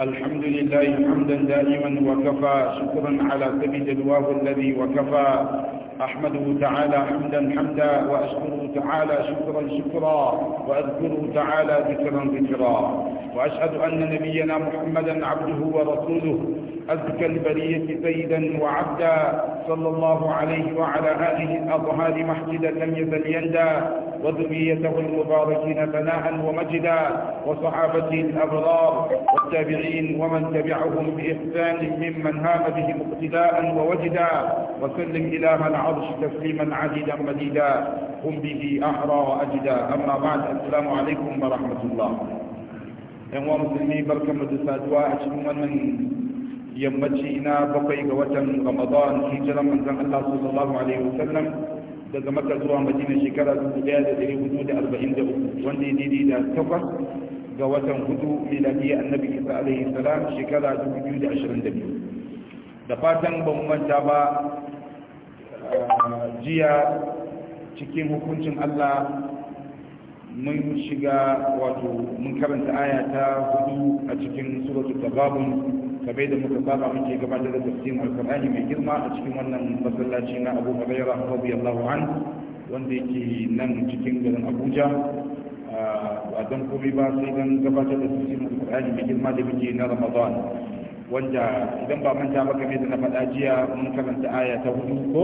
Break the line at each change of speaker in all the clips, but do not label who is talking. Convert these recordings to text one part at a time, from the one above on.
الحمد لله حمدا دائما وكفى شكرا على كبد الواو الذي وكفى أحمده تعالى حمدا حمدا وأشكره تعالى شكرا شكرا وأذكره تعالى ذكرا ذكرا وأشهد أن نبينا محمدا عبده ورسوله أزكى البرية سيدا وعبدا صلى الله عليه وعلى آله الأطهار محجدة لم يزل يندى وذريته المباركين ثناء ومجدا وصحابته الأبرار والتابعين ومن تبعهم بإحسان ممن هام بهم اقتداء ووجدا وسلم الى من العرش تسليما عديدا مديدا قم به أحرى وأجدا أما بعد السلام عليكم ورحمة الله yan wa بركه barkan mu من saduwa a cikin wannan yammaci na bakwai ga watan ramadan hijiran manzon Allah sallallahu alaihi wasallam daga maka zuwa madina shekara 1443 wanda ya daidai da takwas ga watan hudu miladiyya annabi isa alaihi salam shekara 2022 da fatan ba mu manta ba ah, jiya cikin hukuncin allah mun shiga wato mun karanta aya ta hudu a cikin suratul tababun kamar da muka saba muke gabatar da tafsirin alkur'ani mai girma a cikin wannan masallaci na abu hurairah radiyallahu an wanda yake nan cikin garin abuja ba don komai ba sai don gabatar da tafsirin alkur'ani mai girma da muke na ramadan wanda idan ba manta ba kamar da na faɗa jiya mun karanta aya ta hudu ko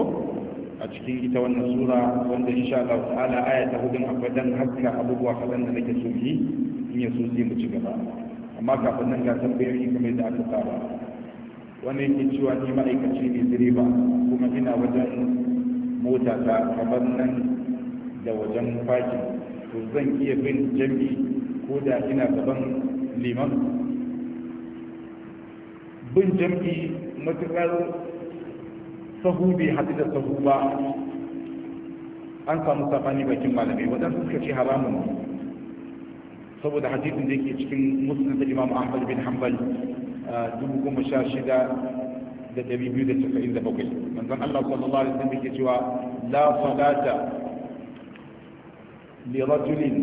a cikin ita wannan sura wanda sha Allah ta'ala aya ta hudun abadan haska abubuwa kadan da nake so yi in ya so sai mu ci gaba amma kafin nan ga tambayoyi kamar da aka saba wani yake cewa ni ma'aikaci ne direba kuma ina wajen mota ta kamar nan da wajen fakin to zan iya bin jami'i ko da ina gaban liman bin jam'i matuƙar sahu bai haɗu da sahu ba an samu sabani bakin malamai waɗansu suka ce haramun saboda hadisin da yake cikin musnad imam ahmad bin hanbal dubu goma sha shida da ɗari biyu da casa'in da bakwai manzon allah sallallahu alaihi wasallam yake cewa la salata li rajulin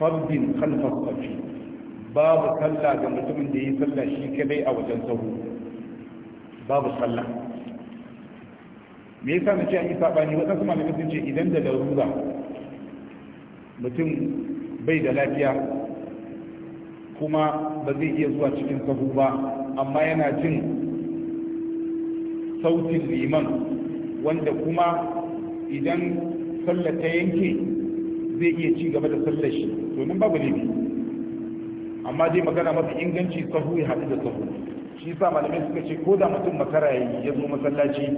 fardin khalfa safi babu sallah ga mutumin da yi sallah shi kadai a wajen sahu babu sallah me yasa na ce an yi sabani wadansu malamai sun ce idan da larura mutum bai da lafiya kuma ba zai iya zuwa cikin sahu ba amma yana jin sautin liman wanda kuma idan sallar ta yanke zai iya ci gaba da sallar shi domin babu ne amma dai magana mafi inganci sahu ya haɗu da sahu shi sa malamai suka ce ko da mutum makara ya zo masallaci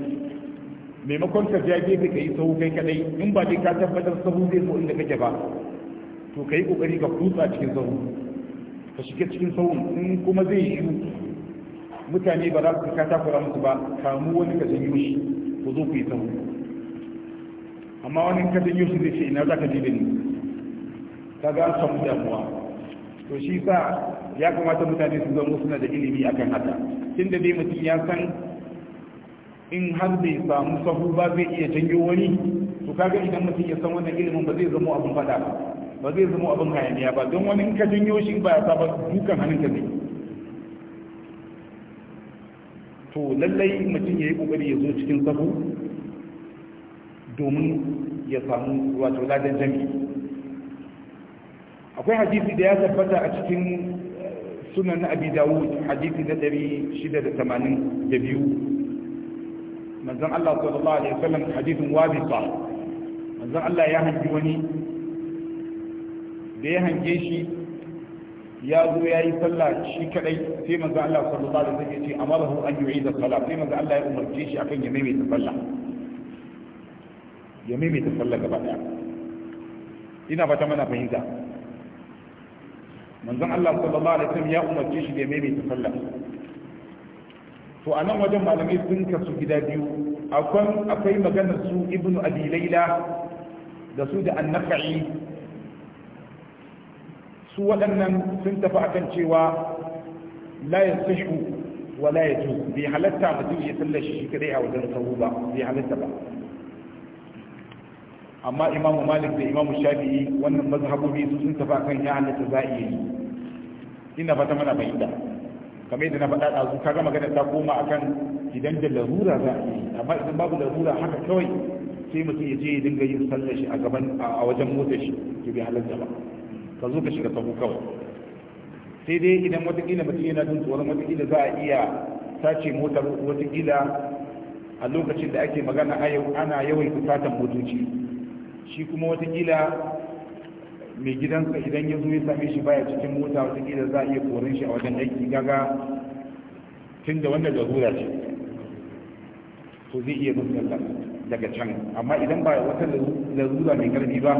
maimakon ka ja ka yi sahu kai kadai in ba dai ka tabbatar sahu zai zo inda kake ba to ka yi ƙoƙari ka kutsa cikin sahu ka shiga cikin sahun in kuma zai yi mutane ba za su ka takura musu ba kamu wani ka janyo shi ku zo ku yi sahu amma wani ka janyo shi zai ce ina za ka je da ni ka ga an samu damuwa to shi sa ya kamata mutane su zama suna da ilimi akan haka da dai mutum ya san in har bai samu sahu ba zai iya janyo wani to kaga idan mutum ya san wannan ilimin ba zai zama abin fada ba ba zai zama abin hayaniya ba don wani in ka janyo shi ba ya saba dukan hannun ka zai to lallai mutum ya yi kokari ya zo cikin sahu domin ya samu wato ladan jami'i akwai hadisi da ya tabbata a cikin eh, sunan abi dawud hadisi na 682 manzon Allah sallallahu alaihi wasallam hadisin wabita manzon Allah ya hanji wani da ya hange shi ya zo ya yi sallah shi kadai sai manzo Allah sallallahu alaihi wasallam ya ce amarahu an yu'ida sallah, sai manzo Allah ya umarce shi akan ya maimaita sallah ya maimaita sallah gaba daya ina fata mana fahimta manzon Allah sallallahu alaihi wasallam ya umarce shi da ya maimaita sallah to a nan wajen malamai sun kasu gida biyu akwai akwai maganar su ibnu abi laila da su da annafa'i su waɗannan sun tafi akan cewa la yasihu wa la yajuz bi halatta mutum ya sallar shi kadai a wajen sahu ba bai halatta ba amma imamu malik da imamu shafi'i wannan mazhabobi su sun tafi akan ya halatta za iya yi ina fata mana bayyana kamar yadda na faɗa ɗazu gama magana ta koma akan idan da larura za a yi amma idan babu larura haka kawai sai mutum ya je ya dinga yin sallar shi a gaban a wajen motar shi to bai halatta ba ka zo ka shiga sahu kawai sai dai idan watakila mutum yana jin tsoron watakila za a iya sace motar watakila a lokacin da ake magana a yau ana yawan fusatan motoci shi kuma watakila mai gidansa idan ya zo ya same shi baya cikin mota watakila za a iya korin shi a wajen aiki gaga tun da wannan larura ce to zai iya daga can amma idan ba wata larura mai karfi ba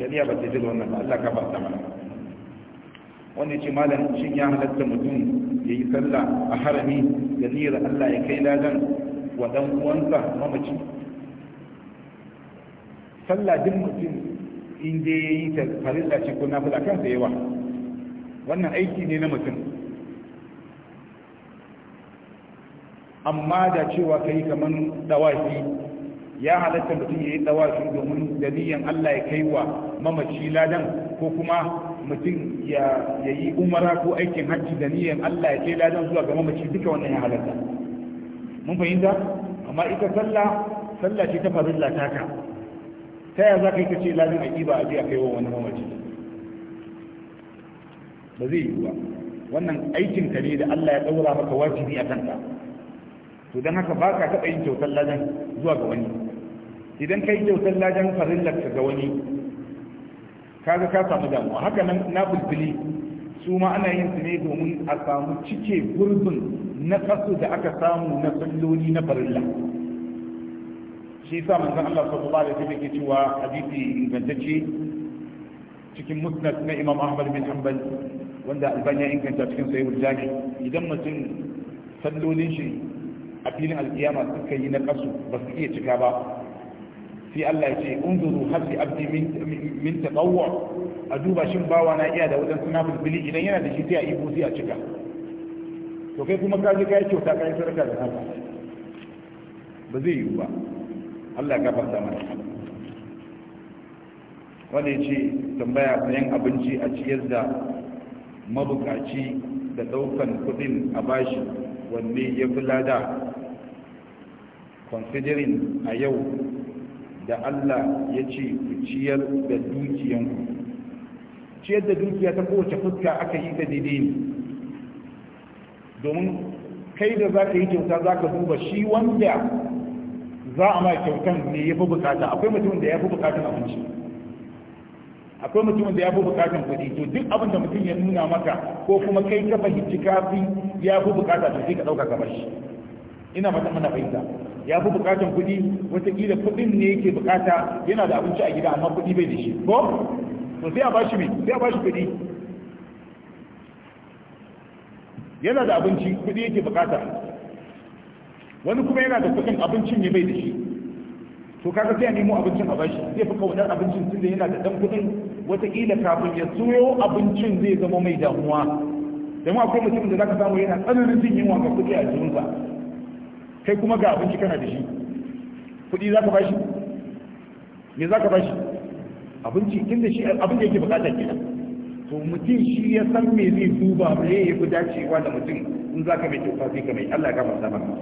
shari'a ba ta da wannan ba Allah ka ba ta mana wanda ce malam shin ya halatta mutum ya yi sallah a harami da niyyar Allah ya kai ladan wa dan uwansa mamaci sallah din mutum in dai ya yi ta farilla ce ko nafila kansa yawa wannan aiki ne na mutum amma da cewa ka yi kamar dawafi ya halatta mutum ya yi dawashi domin da niyan Allah ya kai wa mamaci ladan ko kuma mutum ya yi umara ko aikin hajji da niyan Allah ya kai ladan zuwa ga mamaci duka wannan ya halatta mun fahimta amma ita sallah sallah ce ta farilla taka ta yaya za ka yi ka ce ladan aƙiba a biya kai wa wani mamaci ba zai yi ba wannan aikin ka ne da Allah ya ɗaura maka wajibi a kanka to don haka ba ka taɓa yin kyautar ladan zuwa ga wani idan kai kyautar lajen farillar ka ga wani kaga ka samu damuwa haka nan na bulbuli su ma ana yin su ne domin a samu cike gurbin na kasu da aka samu na salloli na farilla shi sa manzon Allah sallallahu alaihi wasallam yake cewa hadisi ingantacce cikin musnad na Imam Ahmad bin Hanbal wanda albani ya inganta cikin sahihul jami idan mutum sallolin shi a filin alkiyama suka yi na kasu ba su iya cika ba sai Allah ya ce unzuru hasi abdi min tatawwu a duba shin bawa na iya da wajen suna fulfili idan yana da shi sai a ibo sai a cika to kai kuma ka je ka kyauta ka yi sadaka da haka ba zai yiwu ba Allah ya gafarta mana wanda ya ce tambaya sayan abinci a ciyar da mabukaci da daukan kudin a bashi wanne ya fi lada considering a yau da Allah ya ce ku ciyar da dukiyanku ciyar da dukiya ta kowace fuska aka yi da daidai ne domin kai da za ka yi kyauta za ka duba shi wanda za a ma kyautan ne ya fi bukata akwai mutumin da ya fi bukatan abinci akwai mutumin da ya fi bukatan kuɗi to duk abin da mutum ya nuna maka ko kuma kai ka fahimci kafi ya fi bukata to sai ka ɗauka kamar shi ina fata mana fahimta ya fi bukatan kuɗi wataƙila kuɗin ne yake bukata yana da abinci a gida amma kuɗi bai da shi ko to sai a bashi mai sai a bashi kuɗi yana da abinci kuɗi yake bukata wani kuma yana da kuɗin abincin ne bai da shi to kaga sai a nemo abincin a bashi zai fi kaunar abincin tunda yana da dan kuɗin wataƙila kafin ya tsoro abincin zai zama mai damuwa da akwai mutum da zaka samu yana tsananin jin yunwa ga kuɗi a jirinsa kai kuma ga abinci kana da shi kuɗi za ka bashi me za ka bashi abinci inda shi abin da yake bukata kenan to mutum shi ya san me zai duba me ya fi dacewa da mutum in za ka mai kyauta sai ka mai Allah ka fasa maka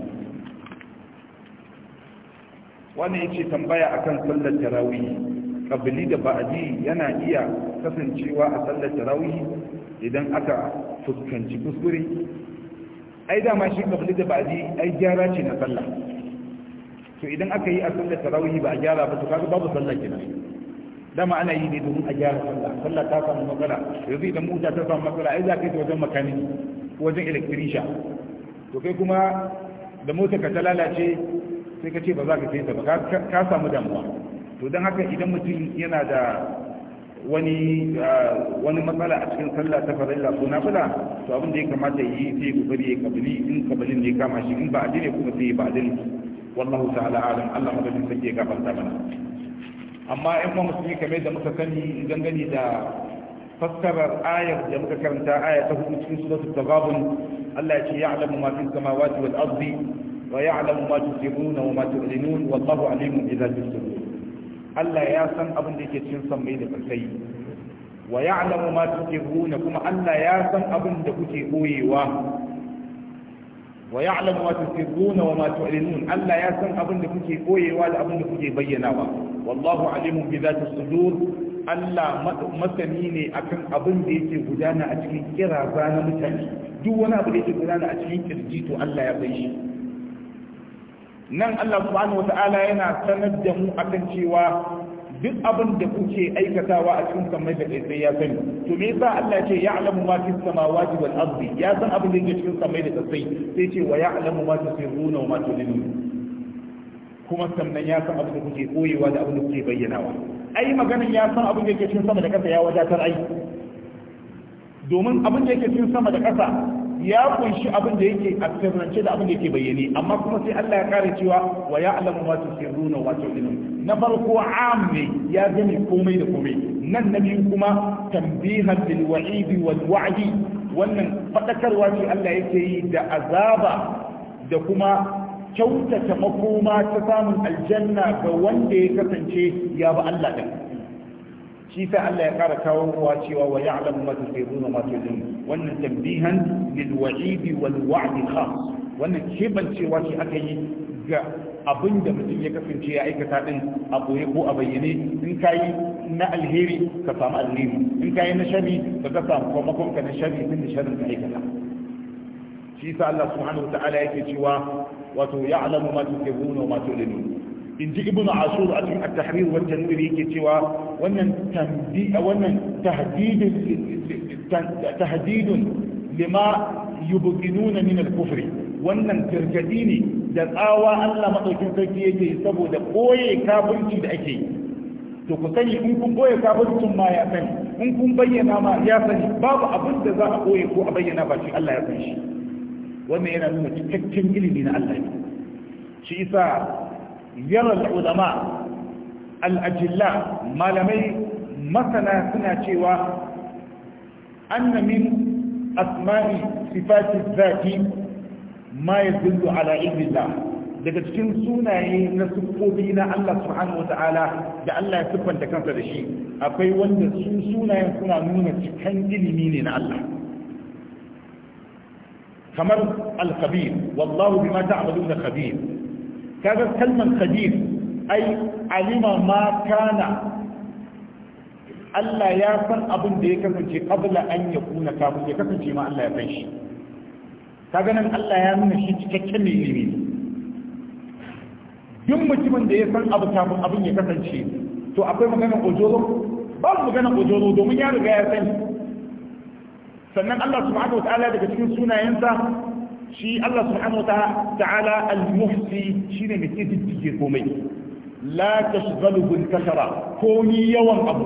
wannan yace tambaya akan sallar tarawih kabili da ba'adi yana iya kasancewa a sallar tarawih idan aka fuskanci kuskure ai dama shi kabli da baji ai gyara ce na sallah to idan aka yi a sallar tarawih ba a gyara ba to kaga babu sallah kenan dama ana yi ne domin a gyara sallah sallah ta samu matsala yanzu idan mota ta samu matsala ai za ka yi ta wajen makaniki ko wajen electrician to kai kuma da motar ka ta lalace sai ka ce ba za ka kai ta ba ka samu damuwa to don haka idan mutum yana da wani ah, wani matsala a cikin sallah ta farilla ko nafila to abin da ya kamata yi sai kokari ya kabili in kabilin ne kama shi in ba adili kuma sai ba adili wallahu ta'ala alam Allah madadin sake ya gafarta mana amma in ma musulmi kamar da muka sani dangane da fassarar ayar da muka karanta aya ta hudu cikin suratul taghabun Allah ya ce ya'lamu ma fi samawati wal ardi wa ya'lamu ma tusirruna wa ma tu'linun wallahu alimun bi dhati sudur Allah ya san abin da yake cikin sammai da ƙasai wa ya'lamu ma tusirruna kuma Allah ya san abin da kuke boyewa wa ya'lamu ma tusirruna wa ma tu'linun Allah ya san abin da kuke boyewa da abin da kuke bayyanawa wallahu alimun bi dhati sudur Allah masani ne akan abin da yake gudana a cikin kiraza na mutane duk wani abu da yake gudana a cikin kirji to Allah ya san shi nan Allah subhanahu Ta'ala yana sanar da mu akan cewa duk abin da kuke aikatawa a cikin kamar da kai sai ya sani to me yasa Allah ce ya'lamu ma fi samawati wal ardi ya san abin da yake cikin kamar da kai sai ce wa ya'lamu ma tusirruna wa ma tulinun kuma sannan ya san abin da kuke koyewa da abin da kuke bayyanawa ai maganin ya san abin da yake cikin sama da kasa ya wadatar ai domin abin da yake cikin sama da kasa ya kunshi abin da yake a sirrance da abin da yake bayyane amma kuma sai Allah ya kare cewa wa ya'lamu ma tusirruna wa tu'linun na farko am ne ya gani komai da komai nan na biyu kuma tanbihan lil wa'idi wal wa'di wannan fadakarwa ce Allah yake yi da azaba da kuma kyautata makoma ta samun aljanna ga wanda ya kasance ya ba Allah din shi sa Allah ya kara kawo ruwa cewa wa ya'lamu ma tusirruna ma tu'linu wannan tambihan lil wa'idi wal wa'di khas wannan kebancewa shi aka yi ga abin da mutum ya kasance ya aikata din a boye ko a bayyane in kayi na alheri ka samu alheri in kayi na shari ka ka samu kwamakon ka na shari din da sharin ka aikata shi sa Allah subhanahu wa ta'ala yake cewa wato ya'lamu ma tusirruna ma tu'linu in ji ibn asur a cikin at-tahrir wal tanwir yake cewa wannan tambi wannan tahdidun tahdidun lima yubqinuna min al-kufri wannan gargadi ne da tsawa Allah madaukin sarki yake saboda koye kafirci da ake yi to ku sani in kun boye kafircin ma ya sani in kun bayyana ma ya sani babu abin da za a boye ko a bayyana ba shi Allah ya san shi wannan yana nuna cikakken ilimi na Allah ne shi isa yara ulama al'ajilla malamai masana suna cewa na min asma'i sifati zaki ma ya zindu ala ilmillah daga cikin sunaye na siffofi na Allah subhanahu ta'ala da Allah ya siffanta kansa da shi akwai wanda su sunayen suna nuna cikan ilimi ne na Allah kamar al-khabir wallahu bima ta'maluna khabir kaga kalman qadir ai alima ma kana Allah ya san abin da ya kasance kabla an ya yakuna kafin ya kasance ma Allah ya san shi kaga nan Allah ya nuna shi cikakken mai ilimi duk mutumin da ya san abu kafin abin ya kasance to akwai maganar ojoro ba mu maganar ojoro domin ya riga ya sani sannan Allah subhanahu wa ta'ala daga cikin sunayensa shi Allah subhanahu ta'ala al-muhsi shine mai kididdige komai la tashghaluhu al-kasara ni yawan abu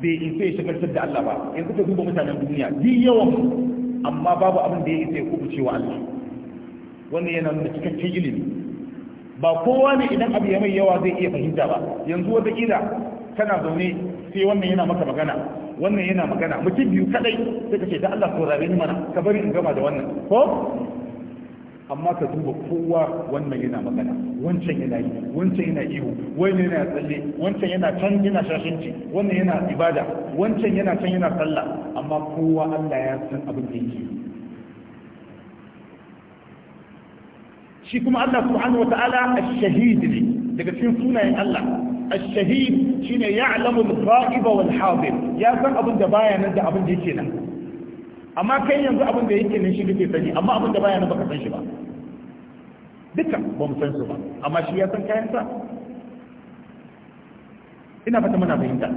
bai isa ya shagaltar da Allah ba yanzu ka duba mutanen duniya bi yawan amma babu abin da ya isa ya kubuce wa Allah wannan yana nuna cikakken ilimi ba kowa ne idan abu ya mai yawa zai iya fahimta ba yanzu wata kila kana zaune sai wannan yana maka magana wannan yana magana mutum biyu kadai sai ka ce da Allah saurare ni mana ka bari in gama da wannan ko amma ka duba kowa wannan yana magana wancan yana yi wancan yana ihu wannan yana tsalle wancan yana can yana shashinci wannan yana ibada wancan yana can yana sallah amma kowa Allah ya san abin da yake shi kuma Allah subhanahu wata'ala ash-shahid ne daga cikin sunayen Allah ash-shahid shine ya'lamu al-ghaiba wal hadir ya san abin da baya nan da abin da yake nan amma kai yanzu abin da yake nan shi kake sani amma abin da baya nan baka san shi ba duka ba mu san su ba amma shi ya san kayan sa ina fata muna fahimta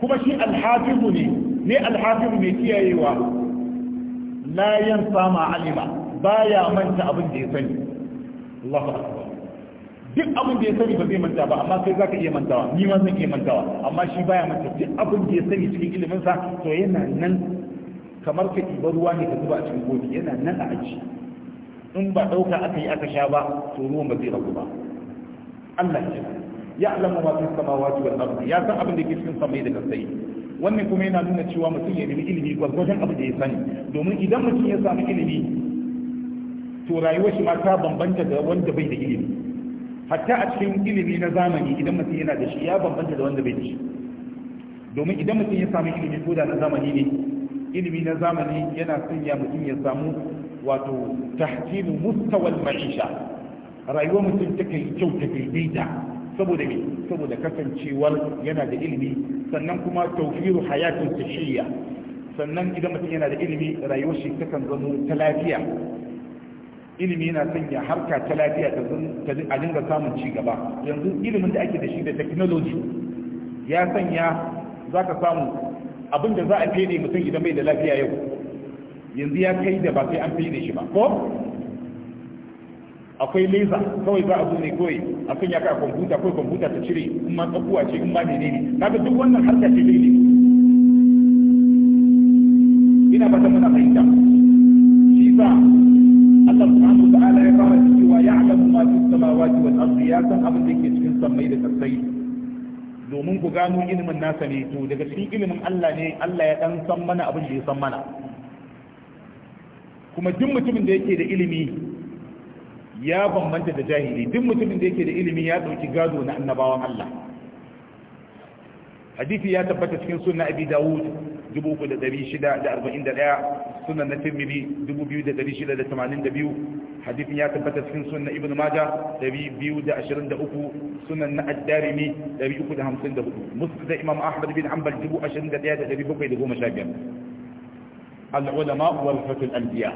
kuma shi alhafizu ne ne alhafizu mai kiyayewa la yan sama alima baya manta abin da ya sani Allahu akbar duk abin da ya sani ba zai manta ba amma kai zaka iya mantawa ni ma zan iya mantawa amma shi baya manta duk abin da ya sani cikin ilimin sa to yana nan kamar ka ɗiba ruwa ne ka zuba a cikin kofi yana nan a aji in ba ɗauka aka yi aka sha ba to ruwan ba zai ragu ba Allah ya ya alamu ma fi samawati wal ardi ya san abin da ke cikin samai da kasai wannan kuma yana nuna cewa mutum ya nemi ilimi gwargwadon abin da ya sani domin idan mutum ya samu ilimi to rayuwar shi ma ta bambanta da wanda bai da ilimi hatta a cikin ilimi na zamani idan mutum yana da shi ya bambanta da wanda bai da shi domin idan mutum ya samu ilimi ko da na zamani ne ilimi na zamani yana sanya mutum ya samu wato tahsinu mustawal ma'isha Rayuwa mutum ta kai kyau ta kai daida saboda me saboda kasancewar yana da ilimi sannan kuma tawfiru hayatin tashiya sannan idan mutum yana da ilimi rayuwar shi takan zama ta lafiya ilimi yana sanya harka ta lafiya ta a dinga samun ci gaba yanzu ilimin da ake da shi da technology ya sanya za ka samu abinda za a fede mutum idan bai da lafiya yau yanzu ya kai da ba sai an fede shi ba ko akwai laser kawai za a zo ne kawai a sanya ka a kwamfuta kawai kwamfuta ta cire in ma tsakuwa ce in ma menene kaga duk wannan harka ce ne gano ilimin nasa ne to daga cikin ilimin Allah ne Allah ya dan san mana abin da ya san mana kuma duk mutumin da yake da ilimi ya bambanta da jahili duk mutumin da yake da ilimi ya dauki gado na annabawan Allah hadisi ya tabbata cikin sunna abi dawud 3641 sunan na tirmidhi 2682 hadithin ya tabbata cikin sunan ibnu majah 223 sunan na ad-darimi 354 musnad da imam ahmad bin hanbal 21715 al-ulama wal fatul anbiya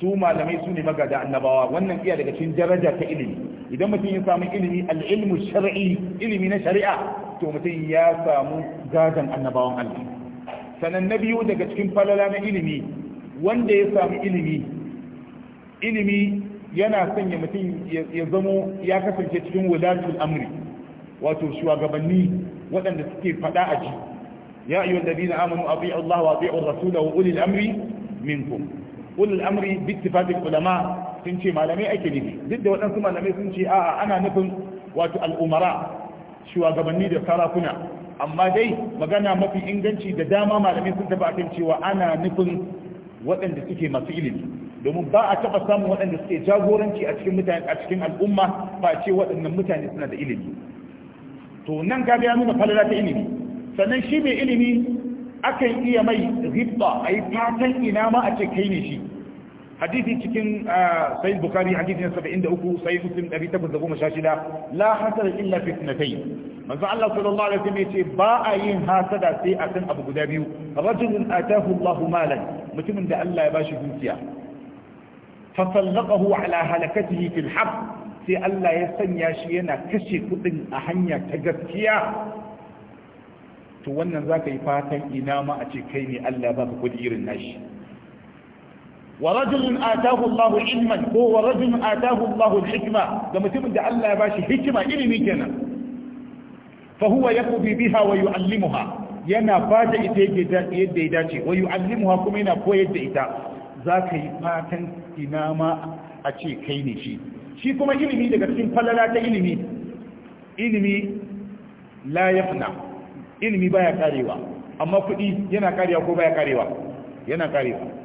su malamai su ne magada annabawa wannan iya daga cikin daraja ta ilimi idan mutum ya samu ilimi al shar'i ilimi na shari'a to mutum ya samu gadan annabawan Allah sanan na biyu daga cikin falala na ilimi wanda ya sami ilimi ilimi yana sanya mutum ya zamo ya kasance cikin wadatul amri wato shugabanni waɗanda suke faɗa a ji ya ayyuhal ladina amanu abi'u Allah wa abi'u rasula wa ulil amri minkum ulil amri bi ittifaqil ulama sun ce malamai ake nufi duk da waɗansu malamai sun ce a'a ana nufin wato al'umara shugabanni da sarakuna amma dai magana mafi inganci da dama malamai sun taba akan cewa ana nufin waɗanda suke masu ilimi domin ba a taba samun waɗanda suke jagoranci a cikin mutane a cikin al'umma ba ce waɗannan mutane suna da ilimi to nan ga ya nuna falala ta ilimi sannan shi mai ilimi akan iya mai ribba a yi fatan ina ma a ce kai ne shi hadisi cikin ah, sahih bukhari hadisi na 73 sahih muslim 816 la hasada illa fi ithnatayn manzo Allah sallallahu alaihi wasallam yace ba a yin hasara sai akan abu guda biyu rajulun atahu Allahu malan mutumin da Allah ya bashi dukiya fa sallaqahu ala halakatihi fil haqq sai Allah ya sanya shi yana kashe kudin a hanya ta gaskiya to wannan zaka yi fatan ina ma a ce kai ne Allah ba ka kudi irin nashi ورجل آتاه الله علما هو ورجل آتاه الله الحكمة لما تبدا الله باشي حكمة إلي ميكنا فهو يقضي بها ويعلمها yana ba da ita yadda ya dace wa yu'allimuha kuma yana koyar da ita za ka yi fatan ina a ce ne shi shi kuma ilimi daga cikin falala ta ilimi ilimi la yafna ilimi baya karewa amma kuɗi yana karewa ko baya karewa yana karewa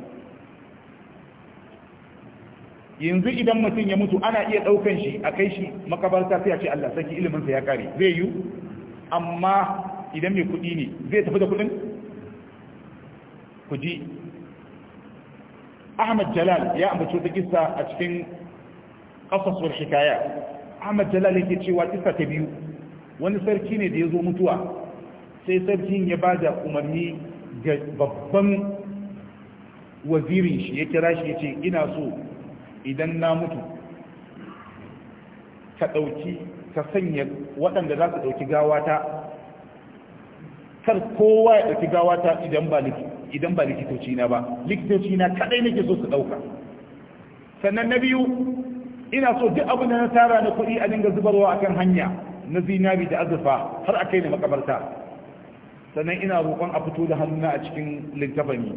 yanzu idan mutum ya mutu ana iya ɗaukan shi a kai shi makabarta sai a ce Allah saki ilimin sa ya kare zai yi amma idan mai kuɗi ne zai tafi da kuɗin kudi Ahmad Jalal ya ambaci wata kissa a cikin qasasur hikaya Ahmad Jalal yake cewa kissa ta biyu wani sarki ne da ya zo mutuwa sai sarkin ya ba da umarni ga babban wazirin shi ya kira shi ya ce ina so idan na mutu ka ɗauki ka sanya waɗanda za su ɗauki gawata kar kowa ya ɗauki gawata idan ba likitoci na ba likitoci na kaɗai nake so su ɗauka sannan na biyu ina so duk abin da na tara na kuɗi a dinga zubarwa akan hanya na zinabi da azurfa har a kai ni makabarta sannan ina roƙon a fito da hannuna a cikin littafani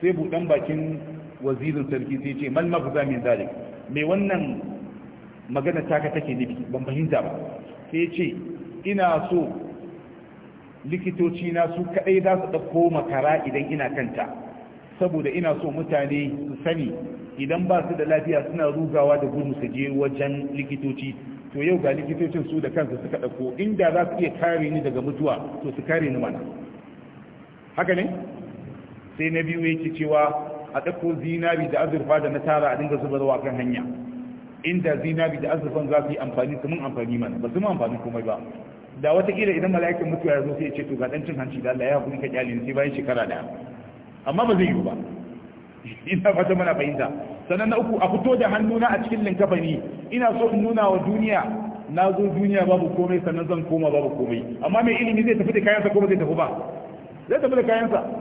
sai buɗan bakin wazirin sarki sai ce mal mafuza min zalik me wannan magana taka take nufi ban fahimta ba sai ce ina so likitoci na su kadai za su dauko makara idan ina kanta saboda ina so mutane su sani idan ba su da lafiya suna rugawa da gudu su je wajen likitoci to yau ga likitocin su da kansu suka dauko inda za su iya kare ni daga mutuwa to su kare ni mana haka ne sai na biyu yake cewa a ɗauko zinabi da azurfa da na tara a dinga zubarwa kan hanya inda zinabi da azurfan za su yi amfani su mun amfani mana ba su mun amfani komai ba da watakila idan mala'ikan mutuwa ya zo sai ya ce to ga ɗan cin hanci da Allah ya hakuri ka kyale sai bayan shekara ɗaya. amma ba zai yi ba ina fata mana fahimta sannan na uku a fito da hannuna a cikin linkafani ina so in nuna wa duniya na zo duniya babu komai sannan zan koma babu komai amma mai ilimi zai tafi da kayansa ko ba zai tafi ba zai tafi da kayansa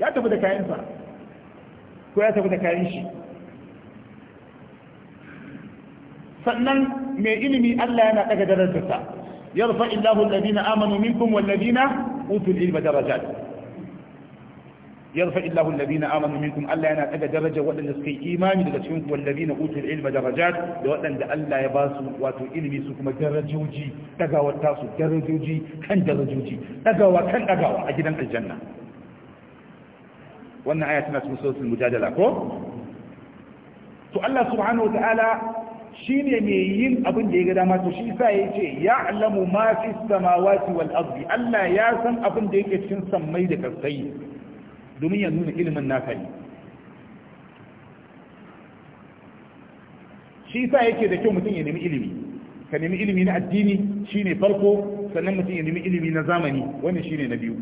ya tafi da kayansa ko ya tafi da kayan shi sannan mai ilimi Allah yana daga darajarsa yarfa illahu alladhina amanu minkum walladhina utul ilma darajat yarfa illahu alladhina amanu minkum Allah yana daga darajar waɗanda suka yi imani daga cikin ku walladhina utul ilma darajat da waɗanda Allah ya ba su wato ilimi su kuma darajoji dagawa ta su darajoji kan darajoji dagawa kan dagawa a gidan aljanna wannan aya tana cikin sosin mujadala ko to Allah subhanahu wa ta'ala shine mai yin abin da ya ga dama to shi yasa yace ya'lamu ma fi samawati wal ardi Allah ya san abin da yake cikin sammai da kasai domin ya nuna ilimin nasa ne shi yasa yake da kyau mutum ya nemi ilimi ka nemi ilimi na addini shine farko sannan mutum ya nemi ilimi na zamani wannan shine na biyu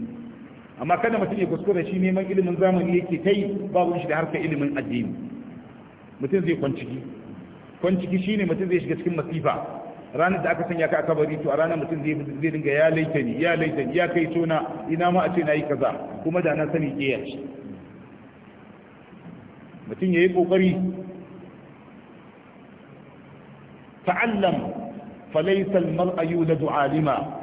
amma kada mutum ya kuskura shi neman ilimin zamani yake ta yi babu shi da harkar ilimin addini mutum zai kwanciki kwanciki shine mutum zai shiga cikin masifa ranar da aka sanya ka a kabari to a ranar mutum zai dinga ya laita ni ya laita ni ya kai tona ina ma a ce na yi kaza kuma da na sani ke yashi mutum ya yi kokari ta'allam falaisal marayu ladu alima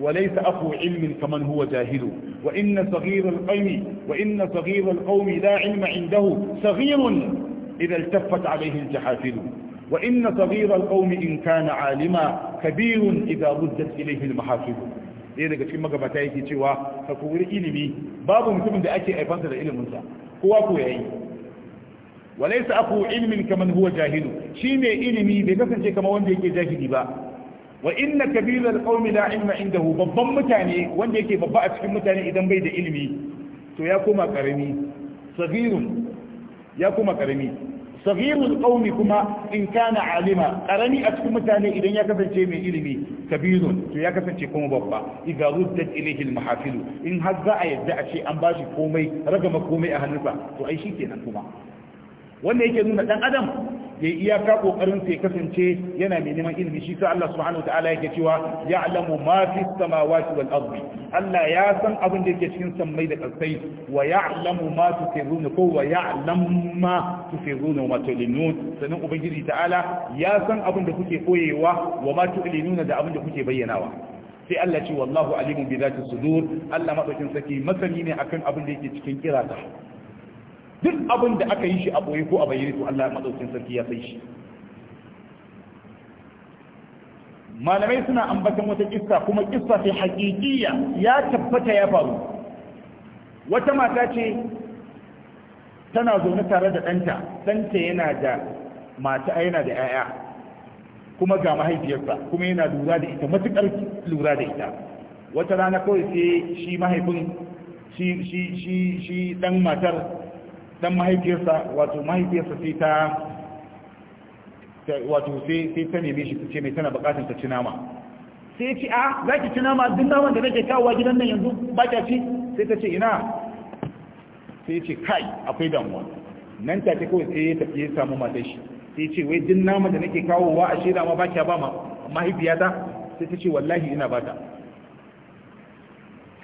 وليس أخو علم كمن هو جاهل وإن صغير القوم وإن صغير القوم لا علم عنده صغير إذا التفت عليه الجحافل وإن صغير القوم إن كان عالما كبير إذا ردت إليه المحافل ɗaya daga cikin magabata yake cewa ka kori ilimi babu mutumin da ake aifansa da iliminsa kowa ko yayi walaysa aku ilmin kaman huwa jahilu shi mai ilimi bai kasance kamar wanda yake jahili ba wa inna kabiral qaumi la ilma indahu babban mutane wanda yake babba a cikin mutane idan bai da ilimi to ya koma karami saghirun ya koma karami saghirul qaumi kuma in kana alima karami a cikin mutane idan ya kasance mai ilimi kabirun to ya kasance kuma babba idza ruddat ilayhi al mahafilu in har a yadda a ce an bashi komai ragama komai a hannunsa to ai shikenan kuma wanda yake nuna dan adam ya iyaka kokarin sai kasance yana mai neman ilimi shi sa Allah subhanahu wataala yake cewa ya'lamu ma fi samawati wal ardi Allah ya san abin da yake cikin sammai da kasai wa ya'lamu ma tusirruna ko wa ya'lam ma tusirruna wa ma tulinun sanan ubangiji ta'ala ya san abin da kuke koyewa wa ma tulinuna da abin da kuke bayyanawa sai Allah ce wallahu alimun bi zati sudur Allah madaukin saki masani ne akan abin da yake cikin kirata duk abin da aka yi shi a ɓoye ko a bayyane to Allah madaukin sarki ya sai shi malamai suna ambatan wata kissa kuma kissa fi haƙiƙiya ya tabbata ya faru wata mata ce tana zaune tare da ɗanta ɗanta yana da mata yana da 'ya'ya kuma ga mahaifiyarsa kuma yana lura da ita matuƙar lura da ita wata rana kawai sai shi mahaifin shi shi shi shi ɗan matar dan mahaifiyarsa wato mahaifiyarsa sai ta wato sai ta neme shi ce mai tana bukatun ta ci nama sai ce a ah, za ki ci nama duk naman da nake kawowa gidan nan yanzu ba kya ci sai ta ce ina sai ce kai akwai damuwa nan ta ce kawai sai ya tafi ya samu matar shi sai ce wai duk naman da nake kawowa a shaida ma ba kya ba mahaifiyata sai ta ce wallahi ina bata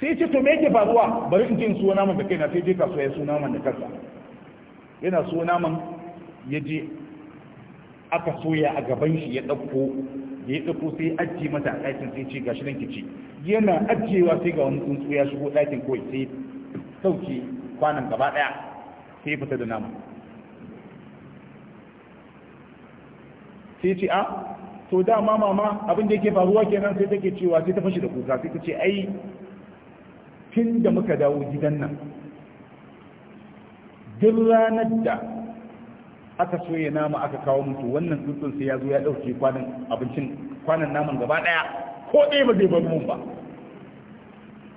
sai ce to me yake faruwa bari in ji in suwa naman da kaina sai je kasuwa ya suwa naman da kasa. yana so naman ya je aka soya a gaban shi ya ɗauko ya ɗauko sai ajiye mata a ɗakin sai ce shi nan kici yana ajiyewa sai ga wani tsuntsu ya shigo ɗakin kawai sai sauke kwanan gaba ɗaya sai fita da naman sai ce a ah, to dama mama abin da yake faruwa kenan sai take cewa sai ta fashe da kuka sai ta ce ai tun da muka dawo gidan nan duk ranar da aka soya nama aka kawo mutu wannan tsuntsun sai ya zo ya ɗauke kwanan abincin kwanan naman gaba ɗaya ko ɗaya ba zai bar mun ba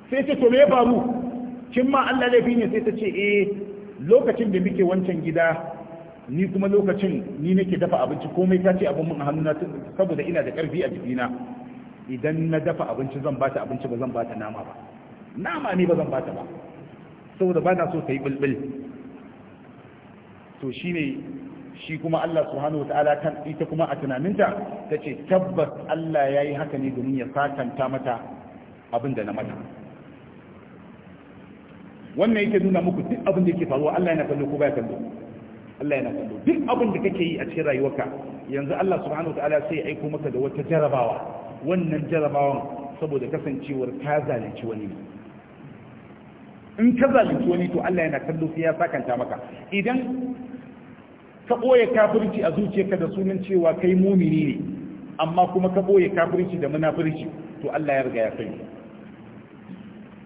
sai ce to me ya faru kin ma Allah laifi ne sai ta ce eh lokacin da muke wancan gida ni kuma lokacin ni nake dafa abinci komai ta ce abin mun a hannuna saboda ina da ƙarfi a jikina idan na dafa abinci zan bata abinci ba zan bata nama ba nama ne ba zan bata ba saboda ba na so ta yi bulbul to shi ne shi kuma Allah subhanahu wataala kan ita kuma a tunaninta ta ce tabbas Allah ya yi haka ne domin ya sakanta mata abin da na mata wannan yake nuna muku duk abin da yake faruwa Allah yana kallo ko baya kallo Allah yana kallo duk abin da kake yi a cikin rayuwarka yanzu Allah subhanahu wataala sai ya aiko maka da wata jarabawa wannan jarabawan saboda kasancewar ka zalunci wani ne in ka zalunci wani to Allah yana kallo sai ya sakanta maka idan ka ɓoye kafirci a zuciyarka da sunan cewa kai mumini ne amma kuma ka ɓoye kafirci da munafirci to Allah ya riga ya sani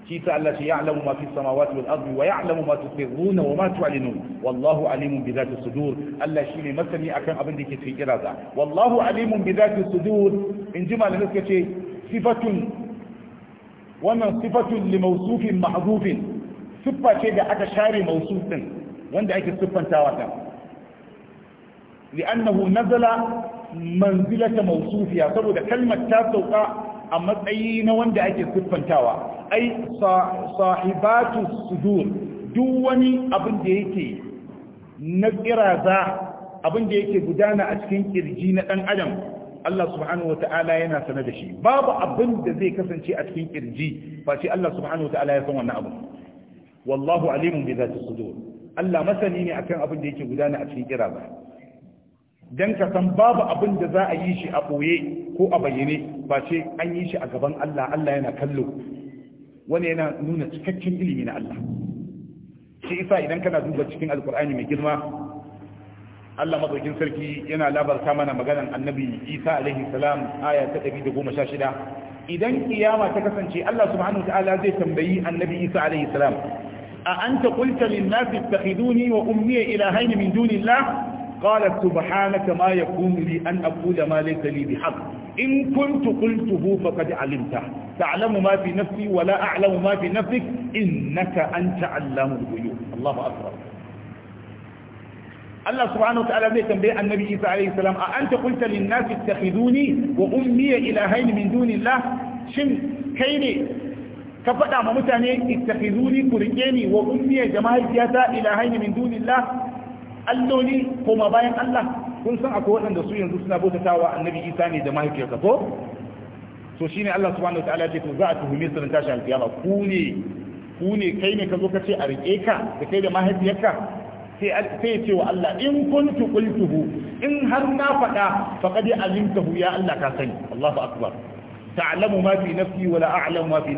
shi ta Allah shi ya'lamu ma fi samawati wal ardi wa ya'lamu ma tusirruna wa ma tu'linun wallahu alimun bi dhati sudur Allah shi ne masani akan abin da yake cikin kiraza wallahu alimun bi dhati sudur in ji malamin suka ce sifatun wannan sifatun li mawsufin mahdhufin siffa ce da aka share mawsuf wanda ake siffantawa ta li'annahu nazala manzilata mawsufiya saboda kalmar ta sauka a matsayi na wanda ake siffantawa ai sahibatu sudur duk wani abin da yake na kiraza abin yake gudana a cikin ƙirji na dan adam Allah subhanahu wata'ala yana sanar da shi babu abin zai kasance a cikin kirji face Allah subhanahu wata'ala ya san wannan abu wallahu alimun bi zati sudur Allah masani ne akan abin da yake gudana a cikin kiraza dan ka san babu abin da za a yi shi a ɓoye ko a bayyane ba ce an yi shi a gaban Allah Allah yana kallo wani yana nuna cikakken ilimi na Allah shi isa idan kana duba cikin alkur'ani mai girma Allah madaukin sarki yana labarta mana maganar annabi Isa alaihi salam aya ta shida. idan kiyama ta kasance Allah subhanahu wataala zai tambayi annabi Isa alaihi salam a anta qulta lin nasi ittakhiduni wa ila ilahayn min dunillah قالت سبحانك ما يكون لي أن أقول ما ليس لي بحق إن كنت قلته فقد علمته تعلم ما في نفسي ولا أعلم ما في نفسك إنك أنت علام الغيوب الله أكبر الله سبحانه وتعالى زي تنبيه النبي عيسى عليه السلام أأنت قلت للناس اتخذوني وأمي إلهين من دون الله شن كيني ka faɗa ma mutane ittakhizuni kurkeni wa ummiya jama'atiyata ilahaini min dunillah alloli koma bayan Allah kun san akwai waɗanda su yanzu suna wa annabi Isa ne da mahaifiyarsa ko to shine Allah subhanahu wataala ya ce to za a tuhume su ran tashi alkiyama ku ne ku ne kai ne ka zo ka ce a rike ka da kai da mahaifiyarka sai sai ce wa Allah in kuntu qultuhu in har na faɗa faqad alimtahu ya Allah ka sani Allahu akbar ta'lamu ma fi nafsi wala a'lamu ma fi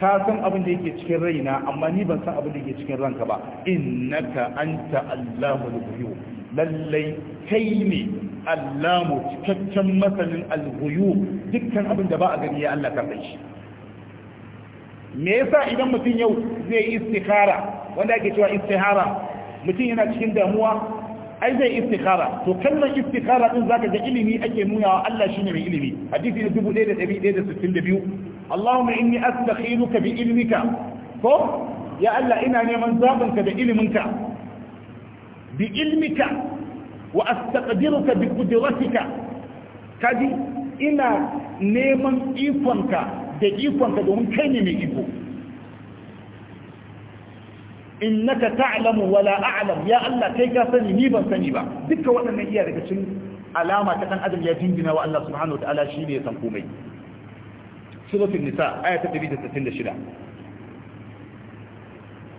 ka san abin da yake cikin raina amma ni ban san abin da yake cikin ranka ba innaka anta allamul ghuyub lallai kai ne allamu cikakken masanin al alghuyub dukkan abin da ba a gani ya Allah karɓe shi me yasa idan mutum yau zai yi istikhara wanda ake cewa istihara mutum yana cikin damuwa ai zai istikhara to kallon istikhara din zaka ga ilimi ake nuna wa Allah shine mai ilimi hadisi na 1162 Allahumma inni astakhiruka bi ilmika ko ya Allah ina neman zabanka da iliminka bi ilmika wa astaqdiruka bi qudratika kaji ina neman ikonka da ikonka domin kai ne mai iko innaka ta'lamu wala a'lam ya Allah kai ka ni ban sani ba duka waɗannan iya daga cikin alama ta dan adam ya jingina wa Allah subhanahu wa ta'ala ne ya san komai suratul nisa aya ta 166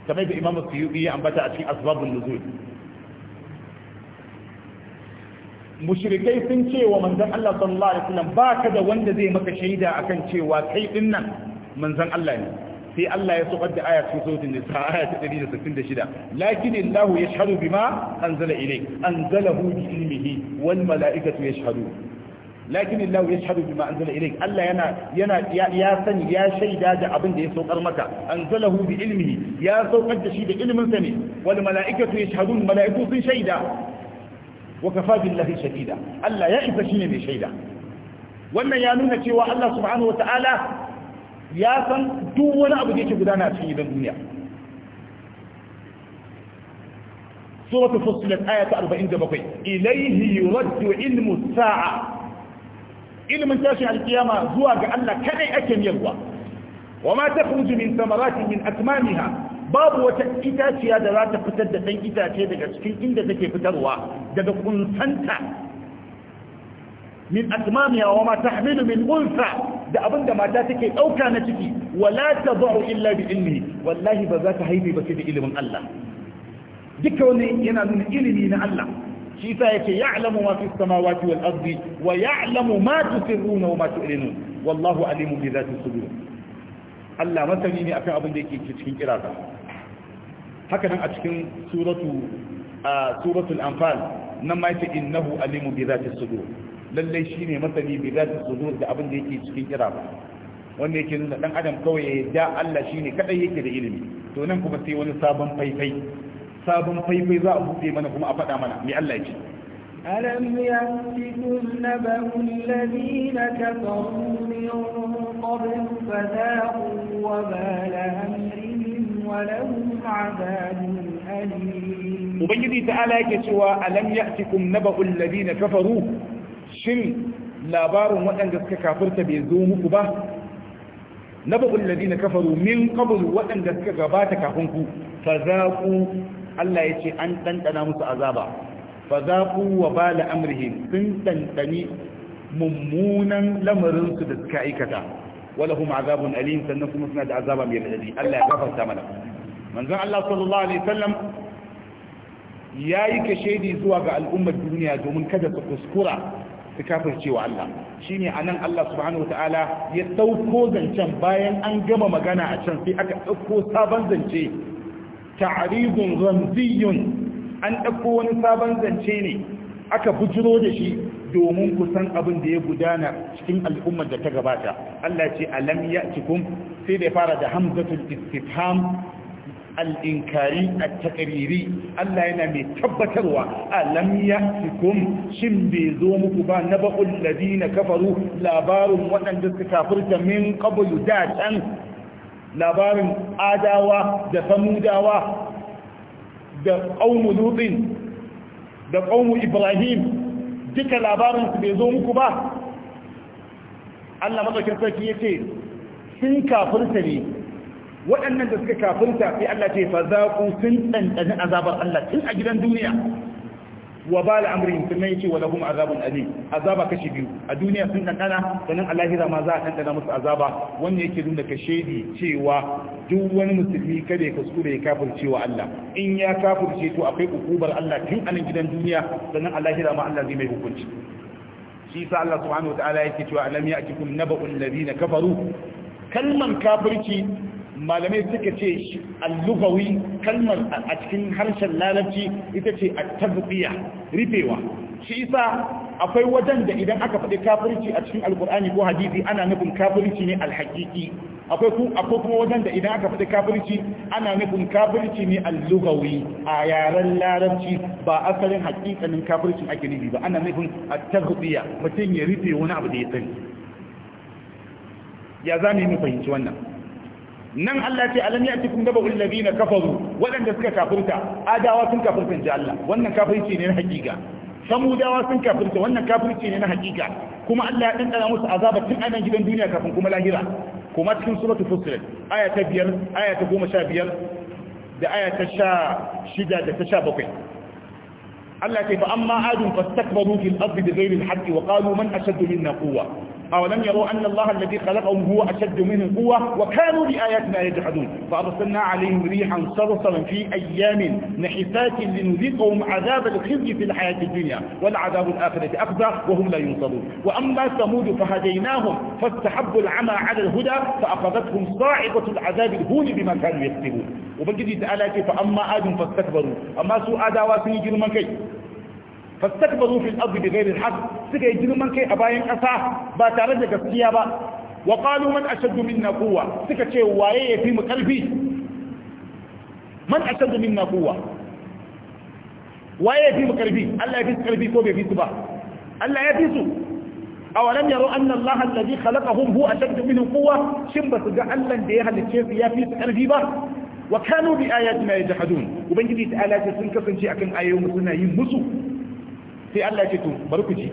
kamar da imamu suyubi ya ambata a cikin asbabun nuzul Mushirikai sun ce wa manzon Allah sallallahu alaihi wasallam ka da wanda zai maka shaida a kan cewa kai din nan manzon Allah ne sai Allah ya saukar da aya cikin suratul nisa aya ta 166 lakin Allah yashhadu bima anzala ilayk anzalahu bi ilmihi wal malaikatu ya yashhadun lakin Allah ya shahadu bima anzala ilayk Allah yana yana ya sani ya shaida da abin da ya saukar maka anzalahu bi ilmihi ya saukar da shi da ilmin sa ne wal malaikatu yashhadun malaiku sun shaida wa kafa billahi shahida Allah ya isa shine mai shaida wannan ya nuna cewa Allah subhanahu wataala ya san duk wani abu da yake gudana a cikin gidan duniya سورة فصلت آية 47 إليه يرد علم الساعة ilimin tashin alkiyama zuwa ga Allah kadai ake miyarwa wa ma takhruju min min akmamiha babu wata itaciya da za ta fitar da ɗan itace daga cikin inda take fitarwa daga kunsanta min akmamiha wa ma hamilu min unsa da abinda mata take ɗauka na ciki wala tadau illa bi ilmi wallahi ba za ta haifi ba sai da ilimin Allah duka wannan yana nuna ilimi na Allah shi sa yake alamu masu sama samawati wal ardi wa ya alamu ya'lamu ma tusirruna wa ma tu'linun wallahu alimun bi su sudur Allah masani ne akan abin da yake cikin kiraka haka nan a cikin suratu suratul anfal nan ma yake innahu alimun bi su sudur lalle shine masani bi su sudur da abin da yake cikin kiraka wanda yake nuna dan adam kawai ya da Allah shi shine kadai yake da ilimi to nan kuma sai wani sabon faifai sabon faifai za a buɗe mana kuma a faɗa mana mai Allah ya ce ألم يأتكم نبأ الذين كفروا من قبل فذاقوا وبال أمرهم ولهم عذاب أليم وبيدي تعالى كسوى ألم يأتكم نبأ الذين كفروا shin labarin waɗanda suka kafirta bai zo muku ba na babul ladina kafaru min qabl waɗanda suka gabata kafin ku fa za ku Allah ya ce an ɗanɗana musu azaba ba za ku wa ba amrihim sun ɗanɗani mummunan lamarinsu da suka aikata wadda kuma azabun alim sannan kuma suna da azaba mai radadi Allah ya gafarta mana manzon Allah sallallahu alaihi sallam wasallam yayi kashedi zuwa ga al'ummar duniya domin kada su kuskura su kafircewa Allah shine anan Allah subhanahu ta'ala ya dauko zancen bayan an gama magana a can sai aka dauko sabon zance ta'aribun ramziyun an ɗauko wani sabon zance ne aka bujiro da shi domin kusan abin da ya gudana cikin al'ummar da ta gabata Allah ce alam ya cikum sai da fara da hamzatul istifham al'inkari a takariri Allah yana mai tabbatarwa a ya cikum shin bai zo muku ba na baƙul ladina kafaru labarin waɗanda suka furta min ƙabalu da can labarin adawa da samudawa da ƙaunu lutsin da ƙaunu ibrahim duka labarinsu bai zo muku ba allah matsakin sarki ya ce sun kafirta ne waɗannan da suka kafirta sai allah ce fa za ku sun ɗanɗani azabar allah tun a gidan duniya wa bal amrin sannan yake wa lahum azabun alim azaba kashi biyu a duniya sun ɗanɗana sannan a ma za a ɗanɗana musu azaba wanda yake nuna ka shedi cewa duk wani musulmi kada ya da ya kafirce wa Allah in ya kafirce to akwai ukubar Allah tun a gidan duniya sannan a ma Allah zai mai hukunci shi sa Allah subhanahu wa ta'ala yake cewa alam ya'tikum naba'ul ladina kafaru kalman kafirci malamai suka ce allugawi kalmar a cikin harshen larabci ita ce a tabbiya rufewa shi isa akwai wajen da idan aka faɗi kafirci a cikin alkur'ani ko hadisi ana nufin kafirci ne alhaƙiƙi akwai kuma wajen da idan aka faɗi kafirci ana nufin kafirci ne allugawi a yaren larabci ba asalin haƙiƙanin kafircin ake nufi ba ana nufin a tabbiya mutum ya rufe wani abu da ya sani ya za mu fahimci wannan nan Allah ce alam ya'tikum naba'ul ladina kafaru wadanda suka kafirta adawa sun kafirta ji Allah wannan kafirci ne na hakika samudawa sun kafirta wannan kafirci ne na hakika kuma Allah ya dandana musu azaba tun anan gidan duniya kafin kuma lahira kuma cikin suratul fussilat aya ta 5 aya ta 15 da aya ta 16 da ta 17 Allah ya ce fa amma adun fastakbaru fil ardi bighayri al-haqqi wa qalu man ashaddu minna quwwa أولم يروا أن الله الذي خلقهم هو أشد منهم قوة وكانوا بآياتنا يجحدون فأرسلنا عليهم ريحا صرصرا في أيام نحسات لنذيقهم عذاب الخزي في الحياة الدنيا والعذاب الآخرة أخزى وهم لا ينصرون وأما ثمود فهديناهم فاستحبوا العمى على الهدى فأخذتهم صاعقة العذاب الهون بما كانوا يكسبون وبالجديد تعالى فأما آدم فاستكبروا أما سوء آدى واسني جرما fastakbaru fil ardi bighairi alhaq suka yi girman kai a bayan kasa ba tare da gaskiya ba wa qalu man ashaddu minna quwwa suka ce waye yafi mu karfi man ashaddu minna quwwa waye yafi mu karfi Allah yafi karfi ko bai fi su ba Allah yafi su awalam yaro anna Allah alladhi khalaqahum huwa ashaddu minhum quwwa shin basu ga Allah da ya halicce su yafi su karfi ba wa kanu bi ayatina ubangiji ta ce sun kasance akan ayoyin suna yin musu sai Allah ce to bari ku ji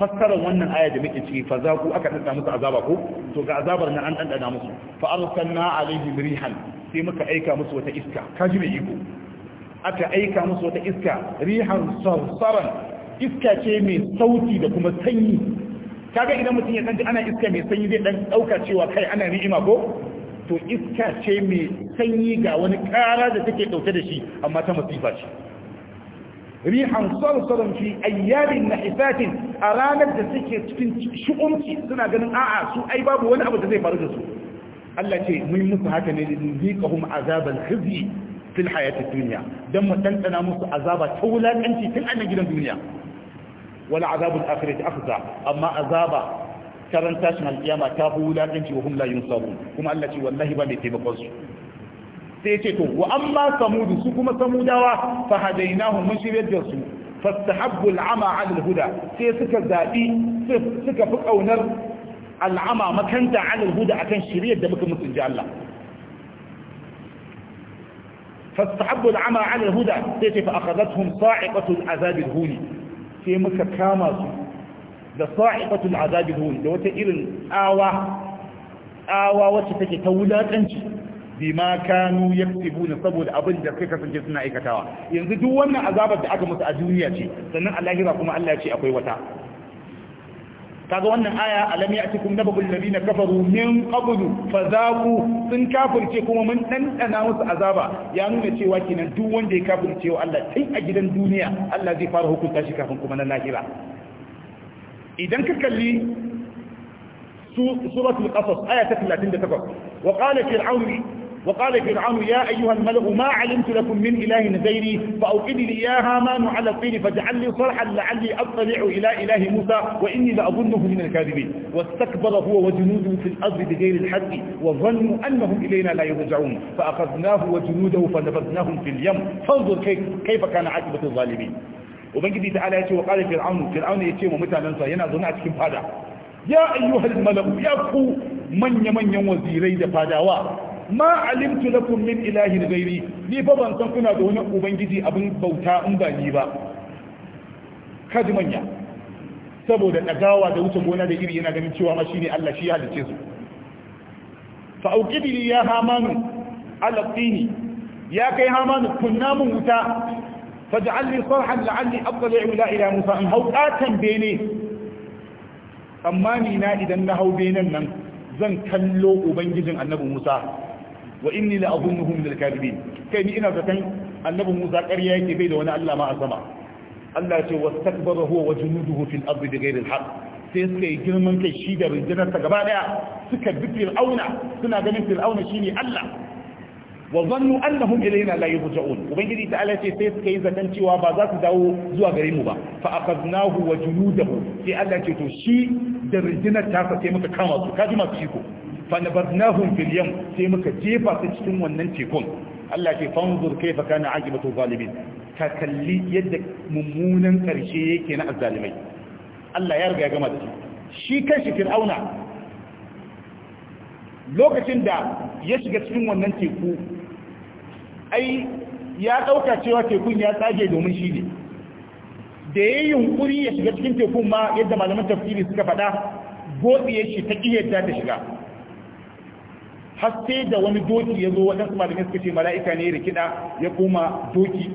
fassarar wannan aya da muke ciki fa za ku aka danda musu azaba ko to ga azabar nan an danda musu fa arsalna alaihim rihan sai muka aika musu wata iska kaji mai iko aka aika musu wata iska rihan sarsaran iska ce mai sauti da kuma sanyi kaga idan mutum ya sanji ana iska mai sanyi zai dan dauka cewa kai ana ni'ima ko to iska ce mai sanyi ga wani kara da take dauke da shi amma ta masifa ce rihan sarsarin fi ayyamin na isatin a ranar da suke cikin shi'umci suna ganin a'a su ai babu wani abu da zai faru da su Allah ce mun musu haka ne din zika hum azaban khizi fil hayati dunya dan mu musu azaba ta wulakanci tun a gidan duniya wala azabul akhirati akhza amma azaba karan tashin alkiyama ta wulakanci wa hum la yunsarun kuma Allah ce wallahi ba mai taimakon su sai ce to wa amma samudu su kuma samudawa fa hadainahu mun shiryar da su fastahabbu al'ama 'ala al-huda sai suka zabi suka fi kaunar al'ama makanta 'ala al-huda akan shirya da muka musu ji Allah fastahabbu al'ama 'ala al-huda sai ce fa akhadathum sa'iqatu al-azab al-huni sai muka kama su da sa'iqatu al-azab huni da wata irin tsawa tsawa wacce take ta wulakanci bima kanu yaktubuna saboda abin da suka kasance suna aikatawa yanzu duk wannan azabar da aka musu a duniya ce sannan a lahira kuma Allah ya ce akwai wata kaga wannan aya alam ya'tikum nabul ladina kafaru min qablu fadhaqu sun kafirce kuma mun dandana musu azaba ya nuna cewa kenan duk wanda ya kafirce wa Allah tun a gidan duniya Allah zai fara hukunta shi kafin kuma na lahira idan ka kalli suratul qasas aya ta 38 wa qala fir'aun وقال فرعون يا أيها الملأ ما علمت لكم من إله غيري فأوقد لي يا هامان على الطين فاجعل لي صرحا لعلي أطلع إلى إله موسى وإني لأظنه من الكاذبين واستكبر هو وجنوده في الأرض بغير الحق وظنوا أنهم إلينا لا يرجعون فأخذناه وجنوده فنفذناهم في اليم فانظر كيف كان عاقبة الظالمين وبنجد تعالى يتي وقال فرعون فرعون يتي ومتاننسا ينا زنا cikin هذا يا أيها mala'u ya من يمن manyan wazirai da ma alimtu lakum min ilahin ghairi ni fa ban san kuna da wani ubangiji abin bauta in ba ni ba kaji manya saboda dagawa da wuce gona da iri yana ganin cewa ma shine Allah shi ya halice su fa auqidi ya hamanu ala tini ya kai hamanu kunna mun wuta faj'alni sarhan la'alli attali'u la ila musa an hauqatan bene amma ni na idan na hau benen nan zan kallo ubangijin annabi musa wa inni la azunnuhu min al-kadhibin kai ni ina zaton annabi Musa ƙarya yake bai da wani Allah ma a sama Allah ya ce wastakbara huwa wa junuduhu fil ardi bighayri al-haq sai suka yi girman kai shi da rinjinar ta gaba daya suka bi fir'auna suna ganin fir'auna shine Allah wa zannu annahum ilayna la yurja'un ubangiji ta Allah ce sai suka yi zaton cewa ba za su dawo zuwa gare mu ba fa akhadnahu wa junudahu sai Allah ce to shi da rinjinar ta sai muka kama su ka ji masu shiko fanabarnahum fil yam sai muka jefa su cikin wannan tekun Allah ke fanzur kaifa kana aqibatu zalimin ka kalli yadda mummunan karshe yake na azzalimai Allah ya riga ya gama da shi shi kanshi fir'auna lokacin da ya shiga cikin wannan teku ai ya dauka cewa tekun ya tsage domin shi ne da ya yi yunkuri ya shiga cikin tekun ma yadda malaman tafsiri suka faɗa gobe ya shi ta ƙiyar da shiga har sai da wani doki ya zo waɗansu malamai suka ce mala'ika ne rikida ya koma doki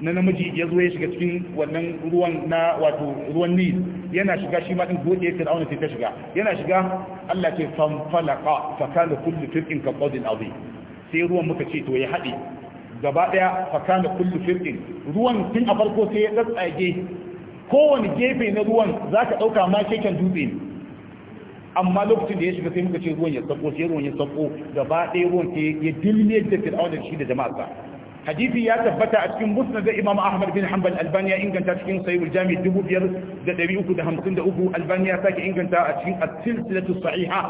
na namiji ya zo ya shiga cikin wannan ruwan na wato ruwan nil yana shiga shi ma din gode ya fir'auna sai ta shiga yana shiga Allah ce falaqa fa kana kullu firqin ka qadin azim sai ruwan muka ce to ya hade gaba daya fa kana kullu firqin ruwan tun a farko sai ya tsatsage kowane gefe na ruwan zaka dauka ma keken dutse ne amma lokacin da ya shiga sai muka ce ruwan ya sako sai ruwan ya sako gaba ɗaya ruwan ke ya dilme da fir'auna shi da jama'arsa hadisi ya tabbata a cikin musnad da imam ahmad bin hanbal albani inganta cikin sahih al-jami 2353 albani ya sake inganta a cikin as-silsilatu sahiha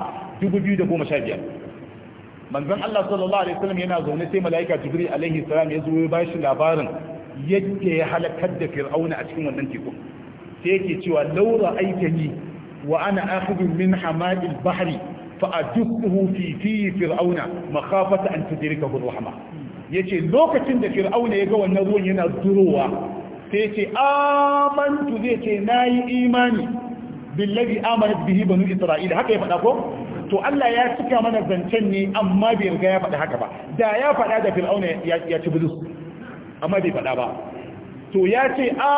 2015 manzon Allah sallallahu alaihi wasallam yana zaune sai malaika jibril alaihi salam ya zo ya shi labarin yadda ya halakar da fir'auna a cikin wannan teku sai yake cewa laura aikani wa ana akhudhu min hamadil bahri fa duk fi fi fir'auna makhafata an tudrikahu yace lokacin da fir'auna ya ga wannan ruwan yana durowa sai ce amantu zai ce nayi imani billahi amanat bihi banu isra'ila haka ya fada ko to Allah ya cika mana zancen ne amma bai riga ya fada haka ba da ya faɗa da fir'auna ya ci bulus amma bai faɗa ba to ya ce a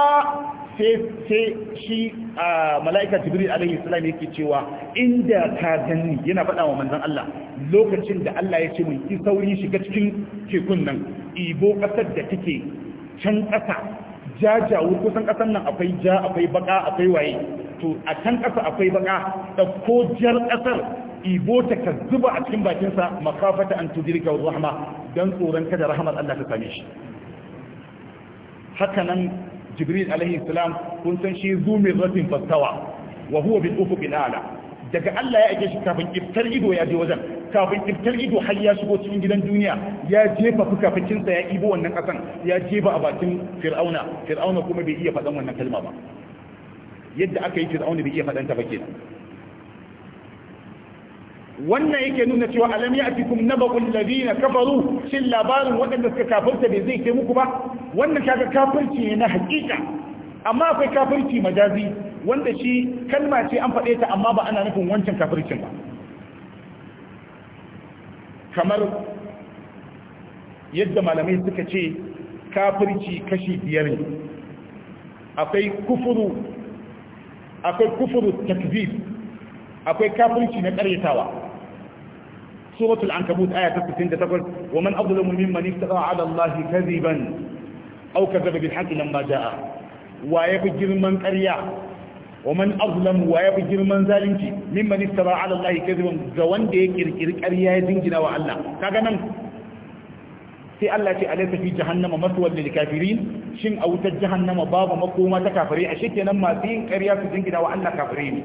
sai shi a mala'ika jibril alaihi salam yake cewa inda ka gani yana faɗa wa manzon Allah lokacin da Allah ya ce mun ki sauri shiga cikin tekun nan ibo ƙasar da take can ƙasa jajawar kusan ƙasar nan akwai ja akwai baka akwai waye to a can ƙasa akwai baka ɗauko jar ƙasar ibo ta ka zuba a cikin bakinsa makafata an tudirka wa rahma don tsoron da rahamar Allah ta same shi haka jibril alaihi salam kun san shi zumi zafin fastawa wa huwa bil ufuq al ala daga Allah ya aike shi kafin kiftar ido ya je wajen kafin kiftar ido har ya shigo cikin gidan duniya ya jefa fukafikin sa ya ibo wannan kasan ya jefa a bakin fir'auna fir'auna kuma bai iya fadan wannan kalma ba yadda aka yi fir'auna bai iya faɗan ta ba kenan wannan yake nuna cewa alam ya atikum nabaqul ladina kafaru shin labarin waɗanda suka kafirta bai zai kai muku ba wannan kaga kafirci ne na hakika amma akwai kafirci majazi wanda shi kalma ce an faɗe ta amma ba ana nufin wancan kafircin ba kamar yadda malamai suka ce kafirci kashi biyar ne akwai kufuru akwai kufuru takzib akwai kafirci na karyatawa suratul ankabut aya ta 68 wa man adlamu mimman iftara ala allahi kadhiban aw kadhaba bil haqqi lamma jaa wa yafi girman karya. wa man azlamu wa yafi girman zalunci mimman iftara ala allahi kadhiban ga wanda ya kirkiri ƙarya ya dingina wa Allah kaga nan sai Allah ce alaysa fi jahannama maswal lil kafirin shin a wutar jahannama babu makoma ta kafirai a shekenan masu yin karya su dingina wa Allah kafirai ne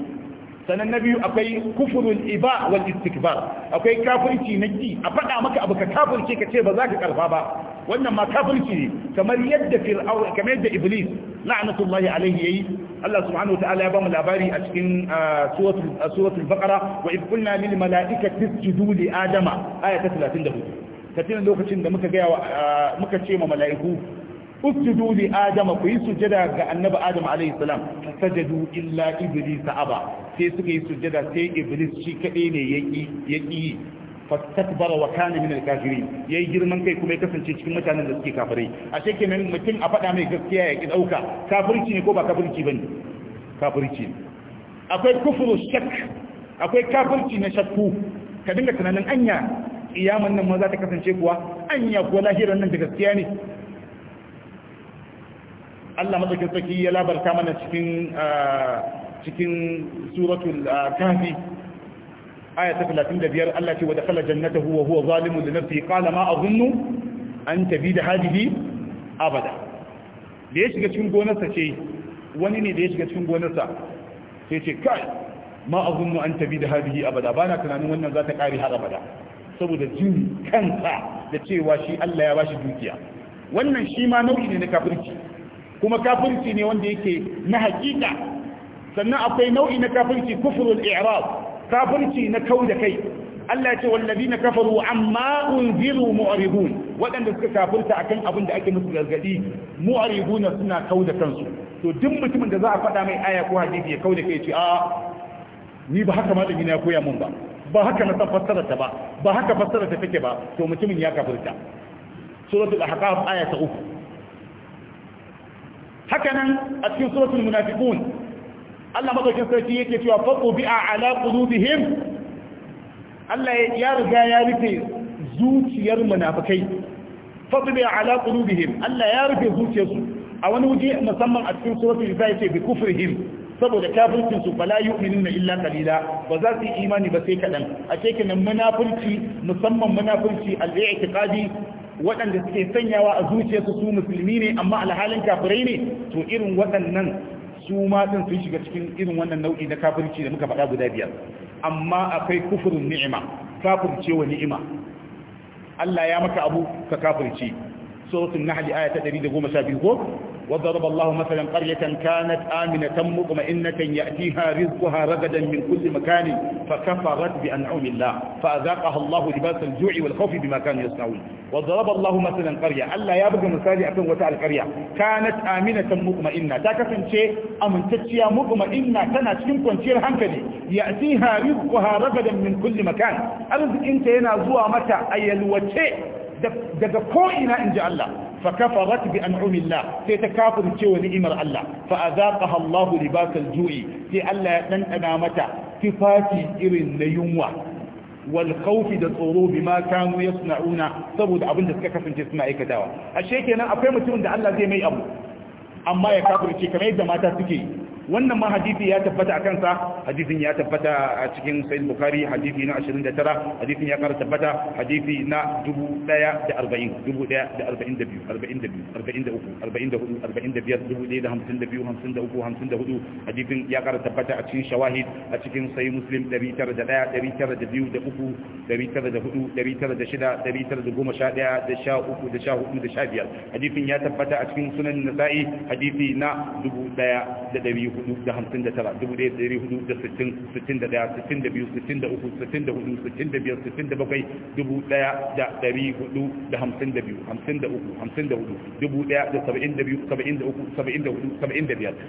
sannan na biyu akwai kufurul iba wal istikbar akwai kafirci na ji a faɗa maka abu ka kafirce ka ce ba za ka karfa ba wannan ma kafirci ne kamar yadda fir'au kamar yadda iblis la'natullahi alaihi yayi Allah subhanahu wa ta'ala ya bamu labari a cikin suratul suratul baqara wa id qulna lil mala'ikati isjudu li adama aya ta 34 lokacin da muka ga muka ce ma mala'iku usjudu li adama ku yi sujjada ga annabi adam alayhi salam sajadu illa iblis aba sai suka yi sujjada sai iblis shi kadai ne yaki yaki fastakbara wa kana min al-kafirin yayi girman kai kuma ya kasance cikin mutanen da suke kafirai a ce kenan mutum a faɗa mai gaskiya ya ki dauka kafirci ne ko ba kafirci bane kafirci akwai kufru shak akwai kafirci na shakku ka dinga tunanin anya iyaman nan ma za ta kasance kuwa anya ko lahiran nan da gaskiya ne Allah madaukin saki ya labarta mana cikin ah, cikin suratul ah, kahfi aya ta 35 Allah ce wa dakhala jannatahu wa huwa zalimun li nafsihi qala ma azunnu an tabida hadhihi abada da ya shiga cikin gonarsa ce wani ne da ya shiga cikin gonarsa sai ce kai ma azunnu an tabida hadhihi abada bana tunanin wannan za ta kare har abada saboda jin kansa da cewa shi Allah ya bashi dukiya wannan shi ma nau'i ne na kafirci kuma kafirci ne wanda yake na hakika sannan akwai nau'i na kafirci kufrul i'rab kafirci na kauda kai Allah ya ce wallazina kafaru amma unziru mu'ridun waɗanda suka kafirta akan abin da ake musu gargadi mu'ridun suna kauda kansu to duk mutumin da za a faɗa mai aya ko hadisi ya kauda kai ce a ni ba haka malami na koya mun ba ba haka na san fassara ta ba ba haka fassara ta take ba to mutumin ya kafirta suratul ahqaf aya ta uku haka nan a cikin suratul munafiqun Allah madaukin sarki yake cewa faqu bi'a ala qulubihim Allah ya riga ya rufe zuciyar munafikai faqu bi'a ala qulubihim Allah ya rufe zuciyarsu a wani waje musamman a cikin suratul zai yace bi kufrihim saboda kafircin su fala yu'minuna illa qalila ba za su yi imani ba sai kadan a cikin munafurci musamman munafurci al-i'tiqadi waɗanda suke sanyawa a zuciyarsu su musulmi ne amma alhalin kafirai ne to irin waɗannan su ma din sun shiga cikin irin wannan nau'i na kafirci da muka faɗa guda biyar amma akwai kufurin ni'ima kafircewa ni'ima Allah ya maka abu ka kafirci suratul nahl aya ta 112 ko وضرب الله مثلا قرية كانت آمنة مطمئنة يأتيها رزقها رغدا من كل مكان فكفرت بأنعم الله فأذاقها الله لباس الجوع والخوف بما كانوا يصنعون وضرب الله مثلا قرية ألا يبقى مثالي أكون وتاء القرية كانت آمنة مطمئنة تكفن شيء أمن تتشيا مطمئنة تنشكم كنشير هنكدي يأتيها رزقها رغدا من كل مكان أرزق أنت هنا زوى متى أي الوتاء daga ko'ina in ji Allah fa kafarat bi sai ta kafirce wa ni'imar Allah fa a azaqaha hallahu libasal ju'i sai Allah ya dandana mata tufafi irin na yunwa wal khawfi da tsoro bima kanu yasna'una saboda abin da suka kasance suna aikatawa ashe kenan akwai mutumin da Allah zai mai abu amma ya kafirce kamar yadda mata suke yi wannan ma hadisi ya tabbata a kansa hadisin ya tabbata a cikin sahih bukhari hadisi na 29 hadisin ya kara tabbata hadisi na 1040 hadisin ya kara tabbata a cikin shawahid a cikin sahih muslim 901 da da da da hadisin ya tabbata a cikin sunan nasa'i hadisi na 1200 1459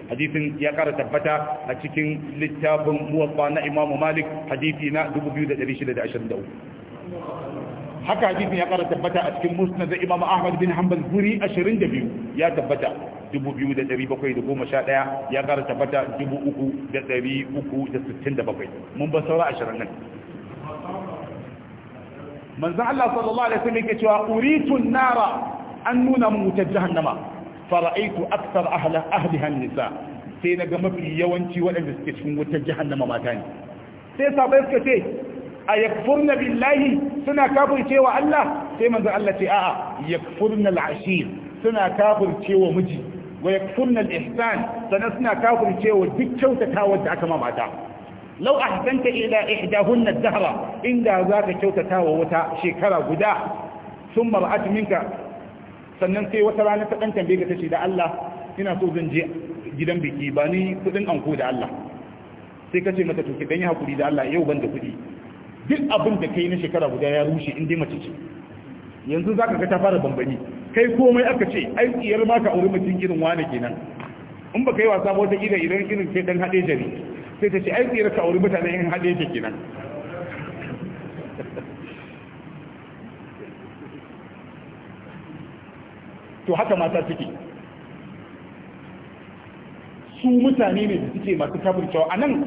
hadisin ya kara tabbata a cikin littafin muwaffa na imamu malik hadisi na haka hadisin ya ƙara tabbata a cikin musnad da imamu ahmad bin hanbal guri ya tabbata Dubu biyu da da bakwai goma sha ɗaya ya ƙara tabbata bakwai. mun ba saura ashirin nan manzan Allah sallallahu alaihi wasallam yake cewa uritun nara an nuna mun wutar jahannama fara'aitu aksar ahla ahliha nisa sai naga mafi yawanci waɗanda suke cikin wutar jahannama mata ne sai sabai suka ce a yakfurna billahi suna kafircewa Allah sai manzo Allah ce a'a yakfurna al'ashir suna kafircewa miji wa yakfurna al-ihsan sanan suna kafircewa duk kyautata da aka mamata. mata law ahsanta ila ihdahunna ad-dahra inda zaka kyautatawa wata shekara guda thumma ra'at minka sannan sai wata rana ta dan tambaye ka tace da Allah ina so zan je gidan biki ba ni kudin anko da Allah sai kace mata to ki dan yi hakuri da Allah yau ban da kudi duk abin da kai na shekara guda ya rushe in dai mace ce yanzu zaka ga ta fara bambani kai komai aka ce ai tsiyar ma ka auri mutum irin wane kenan in ba kai wasa ba wata gida idan irin sai dan haɗe jari sai ta ce ai tsiyar ka auri mutane in haɗe ke kenan to haka mata suke su mutane ne da suke masu kafircewa a nan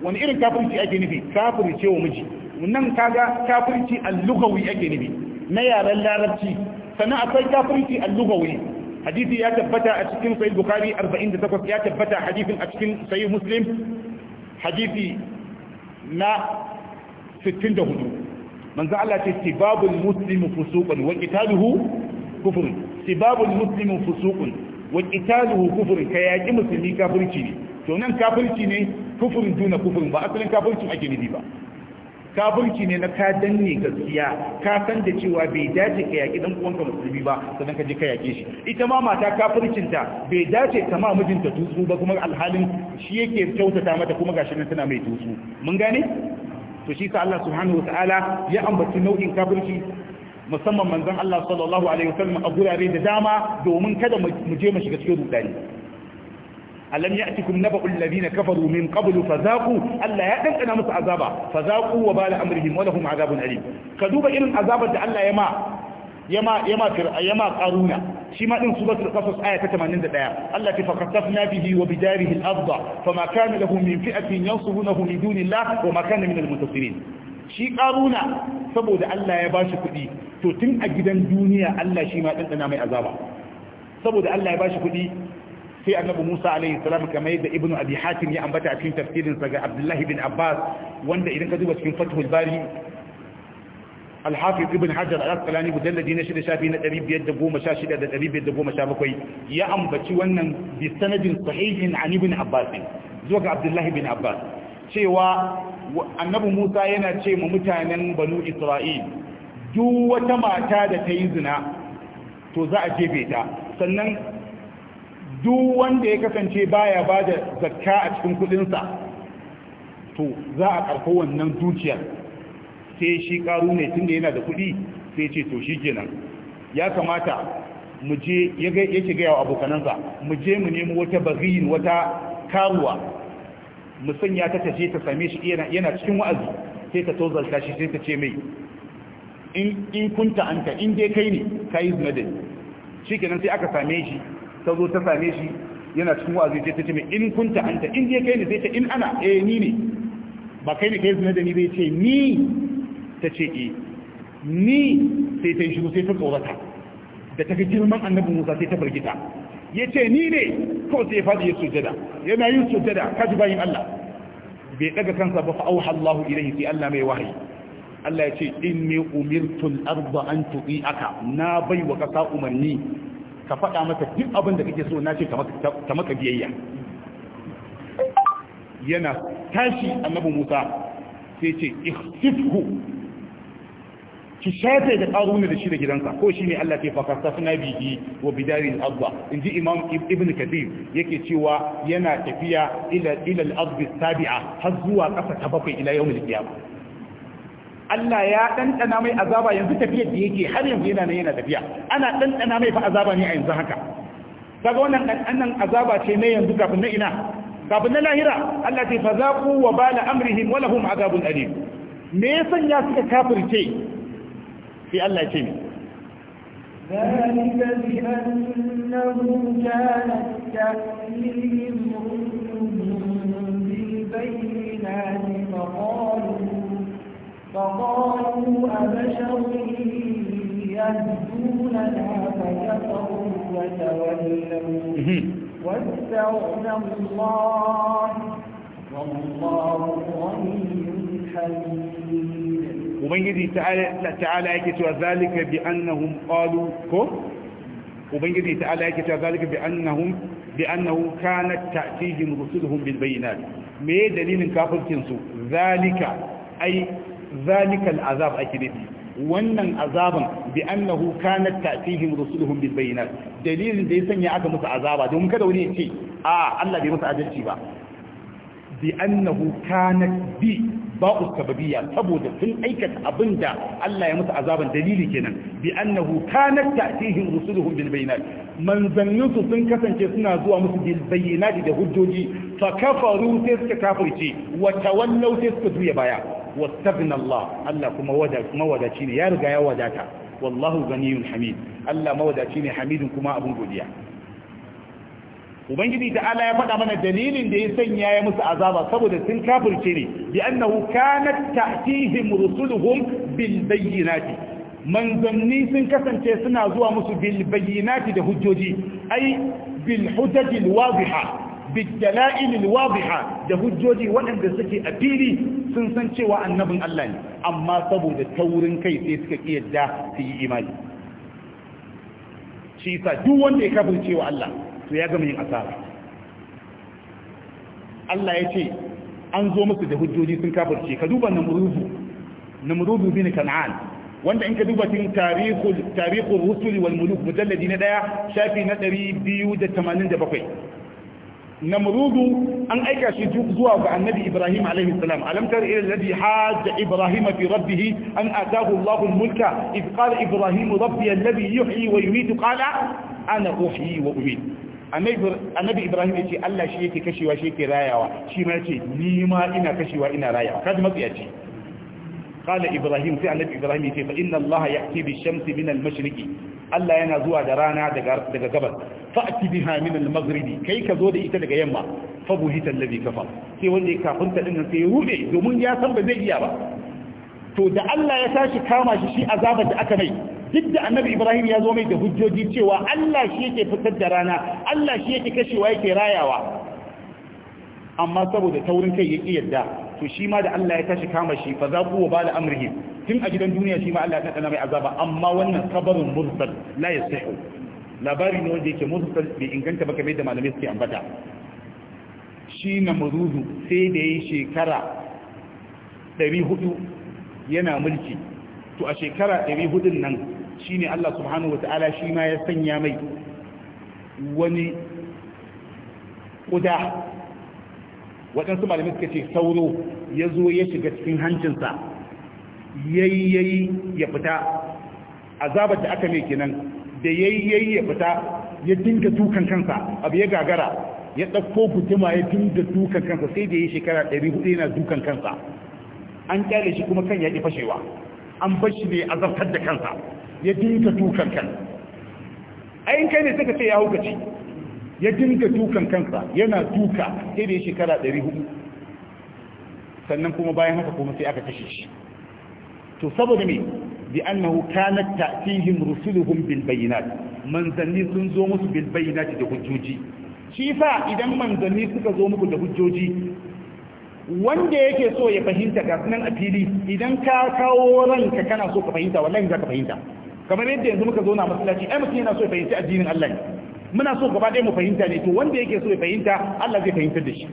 wani irin kafirci ake nufi kafircewa miji nan kaga kafirci allugawi ake nufi na yaren larabci sannan akwai kafirci al-lughawi hadisi ya tabbata a cikin sahih bukhari 48 ya tabbata hadisin a cikin sahih muslim hadisi na 64 manzo Allah ce sibabul muslimu fusuqun wa qitaluhu kufr sibabul muslimu fusuqun wa qitaluhu kufr kai yaki musulmi kafirci ne to nan kafirci ne kufurin duna kufurin ba asalin kafircin ake nufi ba kafirci ne na ka danne gaskiya ka san da cewa bai dace ka yaƙi dan uwanka musulmi ba sannan ka je ka yaƙe shi ita ma mata kafircinta bai dace ka ma mijinta tutsu ba kuma alhalin shi yake kyautata mata kuma gashi nan tana mai tutsu mun gane to shi sa Allah subhanahu wataala ya ambaci nau'in kafirci musamman manzon Allah sallallahu alaihi wasallam a gurare da dama domin kada mu je mu shiga cikin rudani alam ya'tikum naba'ul ladina kafaru min qablu fazaqu Allah ya dankana musu azaba fazaqu wa bala amrihim wa lahum azabun alim ka duba irin azabar da Allah ya ma ma yama yama yama qaruna shi ma din suratul qasas aya ta 81 Allah ta faqatafna bihi wa bidarihi al-afdha fama kana lahu min fi'atin yansurunahu min dunillah wa ma kana min al-muntasirin shi qaruna saboda Allah ya bashi kudi to tun a gidan duniya Allah shi ma dan mai azaba saboda Allah ya bashi kudi sai annabi Musa alaihi salam kamar yadda Ibn Abi Hatim ya ambata a cikin tafsirin sa ga Abdullah ibn Abbas wanda idan ka duba cikin Fathul Bari Al-Hafiz Ibn Hajar al-Asqalani mujalladi na 6 shafi na 516 da 517 ya ambaci wannan bi sanadin sahihin an Abbas zuwa ga Abdullah ibn Abbas cewa annabi Musa yana ce ma mutanen Banu Isra'il duk wata mata da ta yi zina to za a jefe ta sannan duk wanda ya kasance baya ba da zakka a cikin kudinsa to za a karko wannan dukiyar sai shi karu ne tun da yana da kudi sai ce to shi kenan ya kamata mu je yake gaya wa abokanansa mu je mu nemi wata bagiyin wata karuwa mu sanya ta taje ta same shi yana cikin wa'azi sai ta tozalta shi sai ta ce mai in kunta anta in dai kai ne kai zina da shi kenan sai aka same shi ta zo ta same shi yana cikin wa'azi ce ta ce mai in kunta anta in je kai ne sai ta in ana eh ni ne ba kai ne kai zina da ni bai ce ni ta ce eh ni sai ta yi shigo sai ta tsorata da ta fi girman annabi musa sai ta firgita ya ce ni ne ko sai ya faɗi ya sujada yana yin sujada ka ji bayin allah bai ɗaga kansa ba fa auha allah ilaihi sai allah mai wahayi Allah ya ce inni umirtul arda an tuqi'aka na bai wa kasa umarni ka faɗa masa duk abin da kake so na ce ta maka biyayya yana tashi annabi Musa sai ce ikhsifhu ki shafe da karuna da shi da gidansa ko ne Allah ke fakasta suna bihi wa bidari al In inji Imam Ibn Kathir yake cewa yana tafiya ilal ila al sabia har zuwa kasa ta bakwai ila yawmil ba. Allah ya ɗanɗana mai azaba yanzu tafiyar da yake har yanzu yana nan yana tafiya ana ɗanɗana mai fa azaba ne a yanzu haka kaga wannan ɗanɗanan azaba ce ne yanzu kafin na ina kafin na lahira Allah ce fa zaqu wa bala amrihim wa lahum azabun alim me yasa ya suka kafirce sai Allah ya ce ne ذلك بأنه كانت تأتيهم رسلهم بالبينات فقال فقالوا أبشر يهدوننا فكفروا وتولوا واستغنى الله والله غني حميد ubangiji ta'ala yake cewa zalika bi annahum qalu ko ubangiji ta'ala yake cewa zalika bi annahum bi annahu kanat ta'tihim rusuluhum bil bayinat me dalilin kafircin su zalika ai zalikal azab ake nufi wannan azaban bi annahu kanat ta'tihim rusuluhum bil bayyinat dalilin da ya sanya aka musu azaba don kada wani ya ce a Allah bai musu adalci ba bi annahu kanat bi ba'u sababiyya saboda sun aikata abinda Allah ya musu azaban dalili kenan bi annahu kanat ta'tihim rusuluhum bil bayyinat manzannin su sun kasance suna zuwa musu bil da hujjoji fa kafaru sai suka kafirce wa tawallaw sai suka juya baya wastaghna Allah Allah kuma mawadaci ne ya riga ya wadata wallahu ganiyun hamid Allah mawadaci ne hamidun kuma abun godiya ubangiji ta'ala ya faɗa mana dalilin da ya sanya ya musu azaba saboda sun kafirce ne bi annahu kanat ta'tihim rusuluhum bil bayyinati manzanni sun kasance suna zuwa musu bil bayyinati da hujjoji ai bil hujjaji al wadiha بالدلائل الواضحة ده هجوجي وأن ده سكي أبيلي سنسن شوى النبي الله أما صبو ده تورن كي تسكي إيدا في إيماني شيسا دوان ده كفر شوى الله سياغم من أسار الله يتي أنزو مصد ده هجوجي سن كفر شي كدوبا نمروذو نمروذو بين كنعان wanda in ka duba cikin tarihul tarihul rusuli wal muluk mujalladi na daya shafi na 287 namrudu an aika shi zuwa ga annabi ibrahim alaihi salam alam tar ila alladhi hajja ibrahim fi rabbih an ataahu allah mulka id qala ibrahim rabbi alladhi yuhyi wa yumiitu qala ana uhyi wa umiit annabi ibrahim yace allah shi yake kashewa shi yake rayawa shi ma yace ni ma ina kashewa ina rayawa kaji matsiyaci قال إبراهيم فعلا إبراهيم فإن الله يأتي بالشمس من المشرق Allah yana zuwa da rana daga gabas fa'ati biha min al-maghribi kai ka zo da ita daga yamma fa buhita alladhi kafa sai wanda ya kafin ta din sai ya rube domin ya san ba zai iya ba to da Allah ya tashi kama shi shi azabar da aka mai duk da annabi Ibrahim ya zo mai da hujjoji cewa Allah shi yake fitar da rana Allah shi yake kashewa yake rayawa amma saboda taurin kai yake yadda to shi ma da Allah ya tashi kama shi fa za ku ba da amrihi tun a gidan duniya shi ma Allah ya tsana mai azaba amma wannan kabarin mursal la yasihu labari ne wanda yake mursal bai inganta ba kamar da malamai suke ambata shi na muruzu sai da yi shekara 400 yana mulki to a shekara 400 nan shine Allah subhanahu wata'ala shi ma ya sanya mai wani kuda waɗansu malamai suka ce sauro ya zo ya shiga cikin hancinsa yayyayi ya fita azabar da aka mai kenan da yayyayi ya fita ya dinga dukan kansa abu ya gagara ya ɗauko guduma ya dinga dukan kansa sai da ya shekara 400 yana dukan kansa an kyale shi kuma kan ya ƙi fashewa an bar shi ne azabtar da kansa ya dinga dukan kan ayin kai ne suka ce ya hukaci ya dinga dukan kansa yana duka sai da ya shekara 400 sannan kuma bayan haka kuma sai aka kashe shi to saboda me bi annahu kanat ta'tihim rusuluhum bil bayyinat manzanni sun zo musu bil bayinat da hujjoji shi fa idan manzanni suka zo muku da hujjoji wanda yake so ya fahimta ga nan a fili idan ka kawo ranka kana so ka fahimta wallahi za ka fahimta kamar yadda yanzu muka zo na masallaci ai mutum yana so ya fahimci addinin Allah ne muna so gaba ɗaya mu fahimta ne to wanda yake so ya fahimta Allah zai fahimtar da shi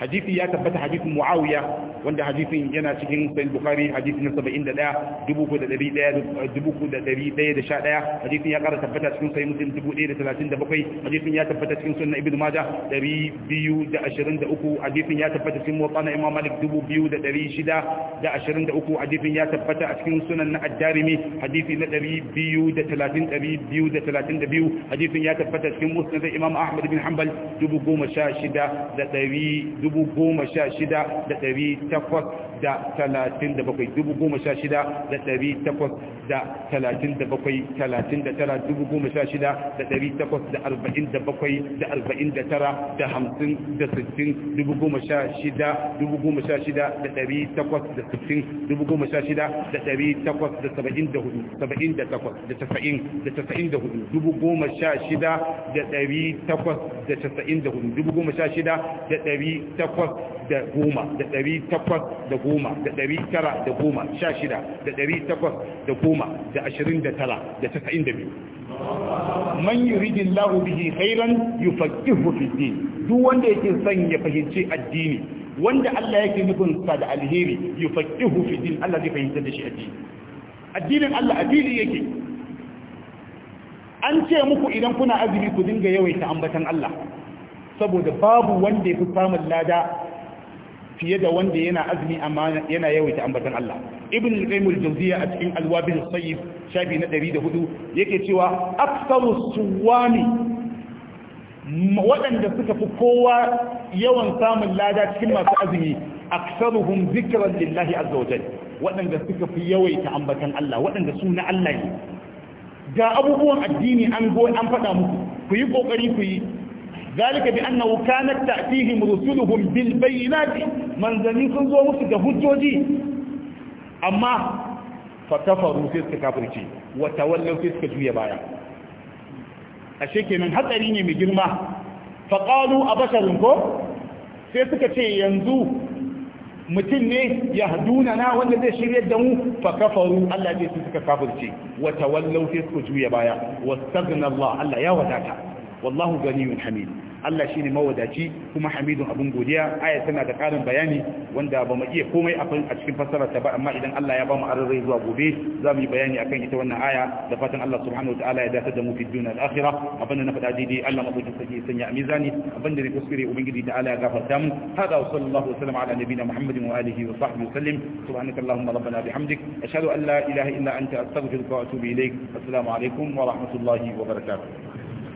hadisi ya tabbata hadisin muawiya wanda hadisin yana cikin sahih bukhari hadisi na 71 3111 hadisin ya kara tabbata cikin sahih muslim 1037 hadisin ya tabbata cikin sunan ibnu majah 223 hadisin ya tabbata cikin muwatta na imam malik 2623 hadisin ya tabbata a cikin sunan na ad hadisi na 230 232 hadisin ya tabbata cikin musnad imam ahmad bin hanbal 10600 dubu goma sha shida da ɗari takwas da talatin da bakwai dubu goma sha shida da ɗari takwas da talatin da bakwai talatin da tara dubu goma sha shida da ɗari takwas da arba'in da bakwai da arba'in da tara da hamsin da sittin dubu goma sha shida dubu goma sha shida da ɗari takwas da sittin dubu goma sha shida da ɗari takwas da saba'in da hudu saba'in da takwas da tasa'in da tasa'in da hudu dubu goma sha shida da ɗari takwas da tasa'in da hudu dubu goma sha shida da ɗari takwas da goma da ɗari takwas da goma goma da ɗari tara da goma sha shida da ɗari takwas da goma da ashirin da tara da tasa'in biyu man yuridin lahu bihi hairan yufaqihu fi din duk wanda yake son ya fahimci addini wanda Allah yake nufin sa da alheri yufaqihu fi din Allah zai fahimta da shi addini addinin Allah addini yake an ce muku idan kuna azumi ku dinga yawaita ambatan Allah saboda babu wanda ya fi samun lada fiye da wanda yana azumi amma yana yawaita ambatan Allah ibn al-qayyim al a cikin al-wabil shafi na 104 yake cewa aktsaru suwami waɗanda suka fi kowa yawan samun lada cikin masu azumi Aksaru zikran lillahi azza wa jalla waɗanda suka fi yawaita ambatan Allah waɗanda su na Allah ne ga abubuwan addini an go an faɗa muku ku yi kokari ku yi ذلك بأنه كانت تأتيهم رسلهم بالبينات من ذنين سنزوا مسك هجوجي أما فكفروا سيسك كافرتي وتولوا سيسك جوية بايا الشيء من حتى ليني مجرمة فقالوا أبشرنكم سيسك شيء ينزو mutum ne ya haduna na wanda zai shirya da mu fa kafaru Allah ce su suka kafirce wa tawallaw sai suka juya baya wastaghna Allah Allah ya wadata wallahu ganiyun hamid Allah shine mawadaci kuma hamidun abun godiya aya tana da karin bayani wanda ba mu iya komai a cikin fassara ta ba amma idan Allah ya ba mu arrai zuwa gobe za mu yi bayani akan ita wannan aya da fatan Allah subhanahu wataala ya dace da mu fi dunya al-akhirah na faɗa daidai Allah madaukakin sarki ya sanya a mizani na ne kuskure ubangiji ta'ala ya gafarta mu hada wa sallallahu wa sallama ala nabiyina muhammadin wa alihi wa sahbihi wa sallim subhanaka allahumma rabbana bihamdik ashhadu an la ilaha illa anta astaghfiruka wa atubu ilaik assalamu alaikum wa rahmatullahi wa barakatuh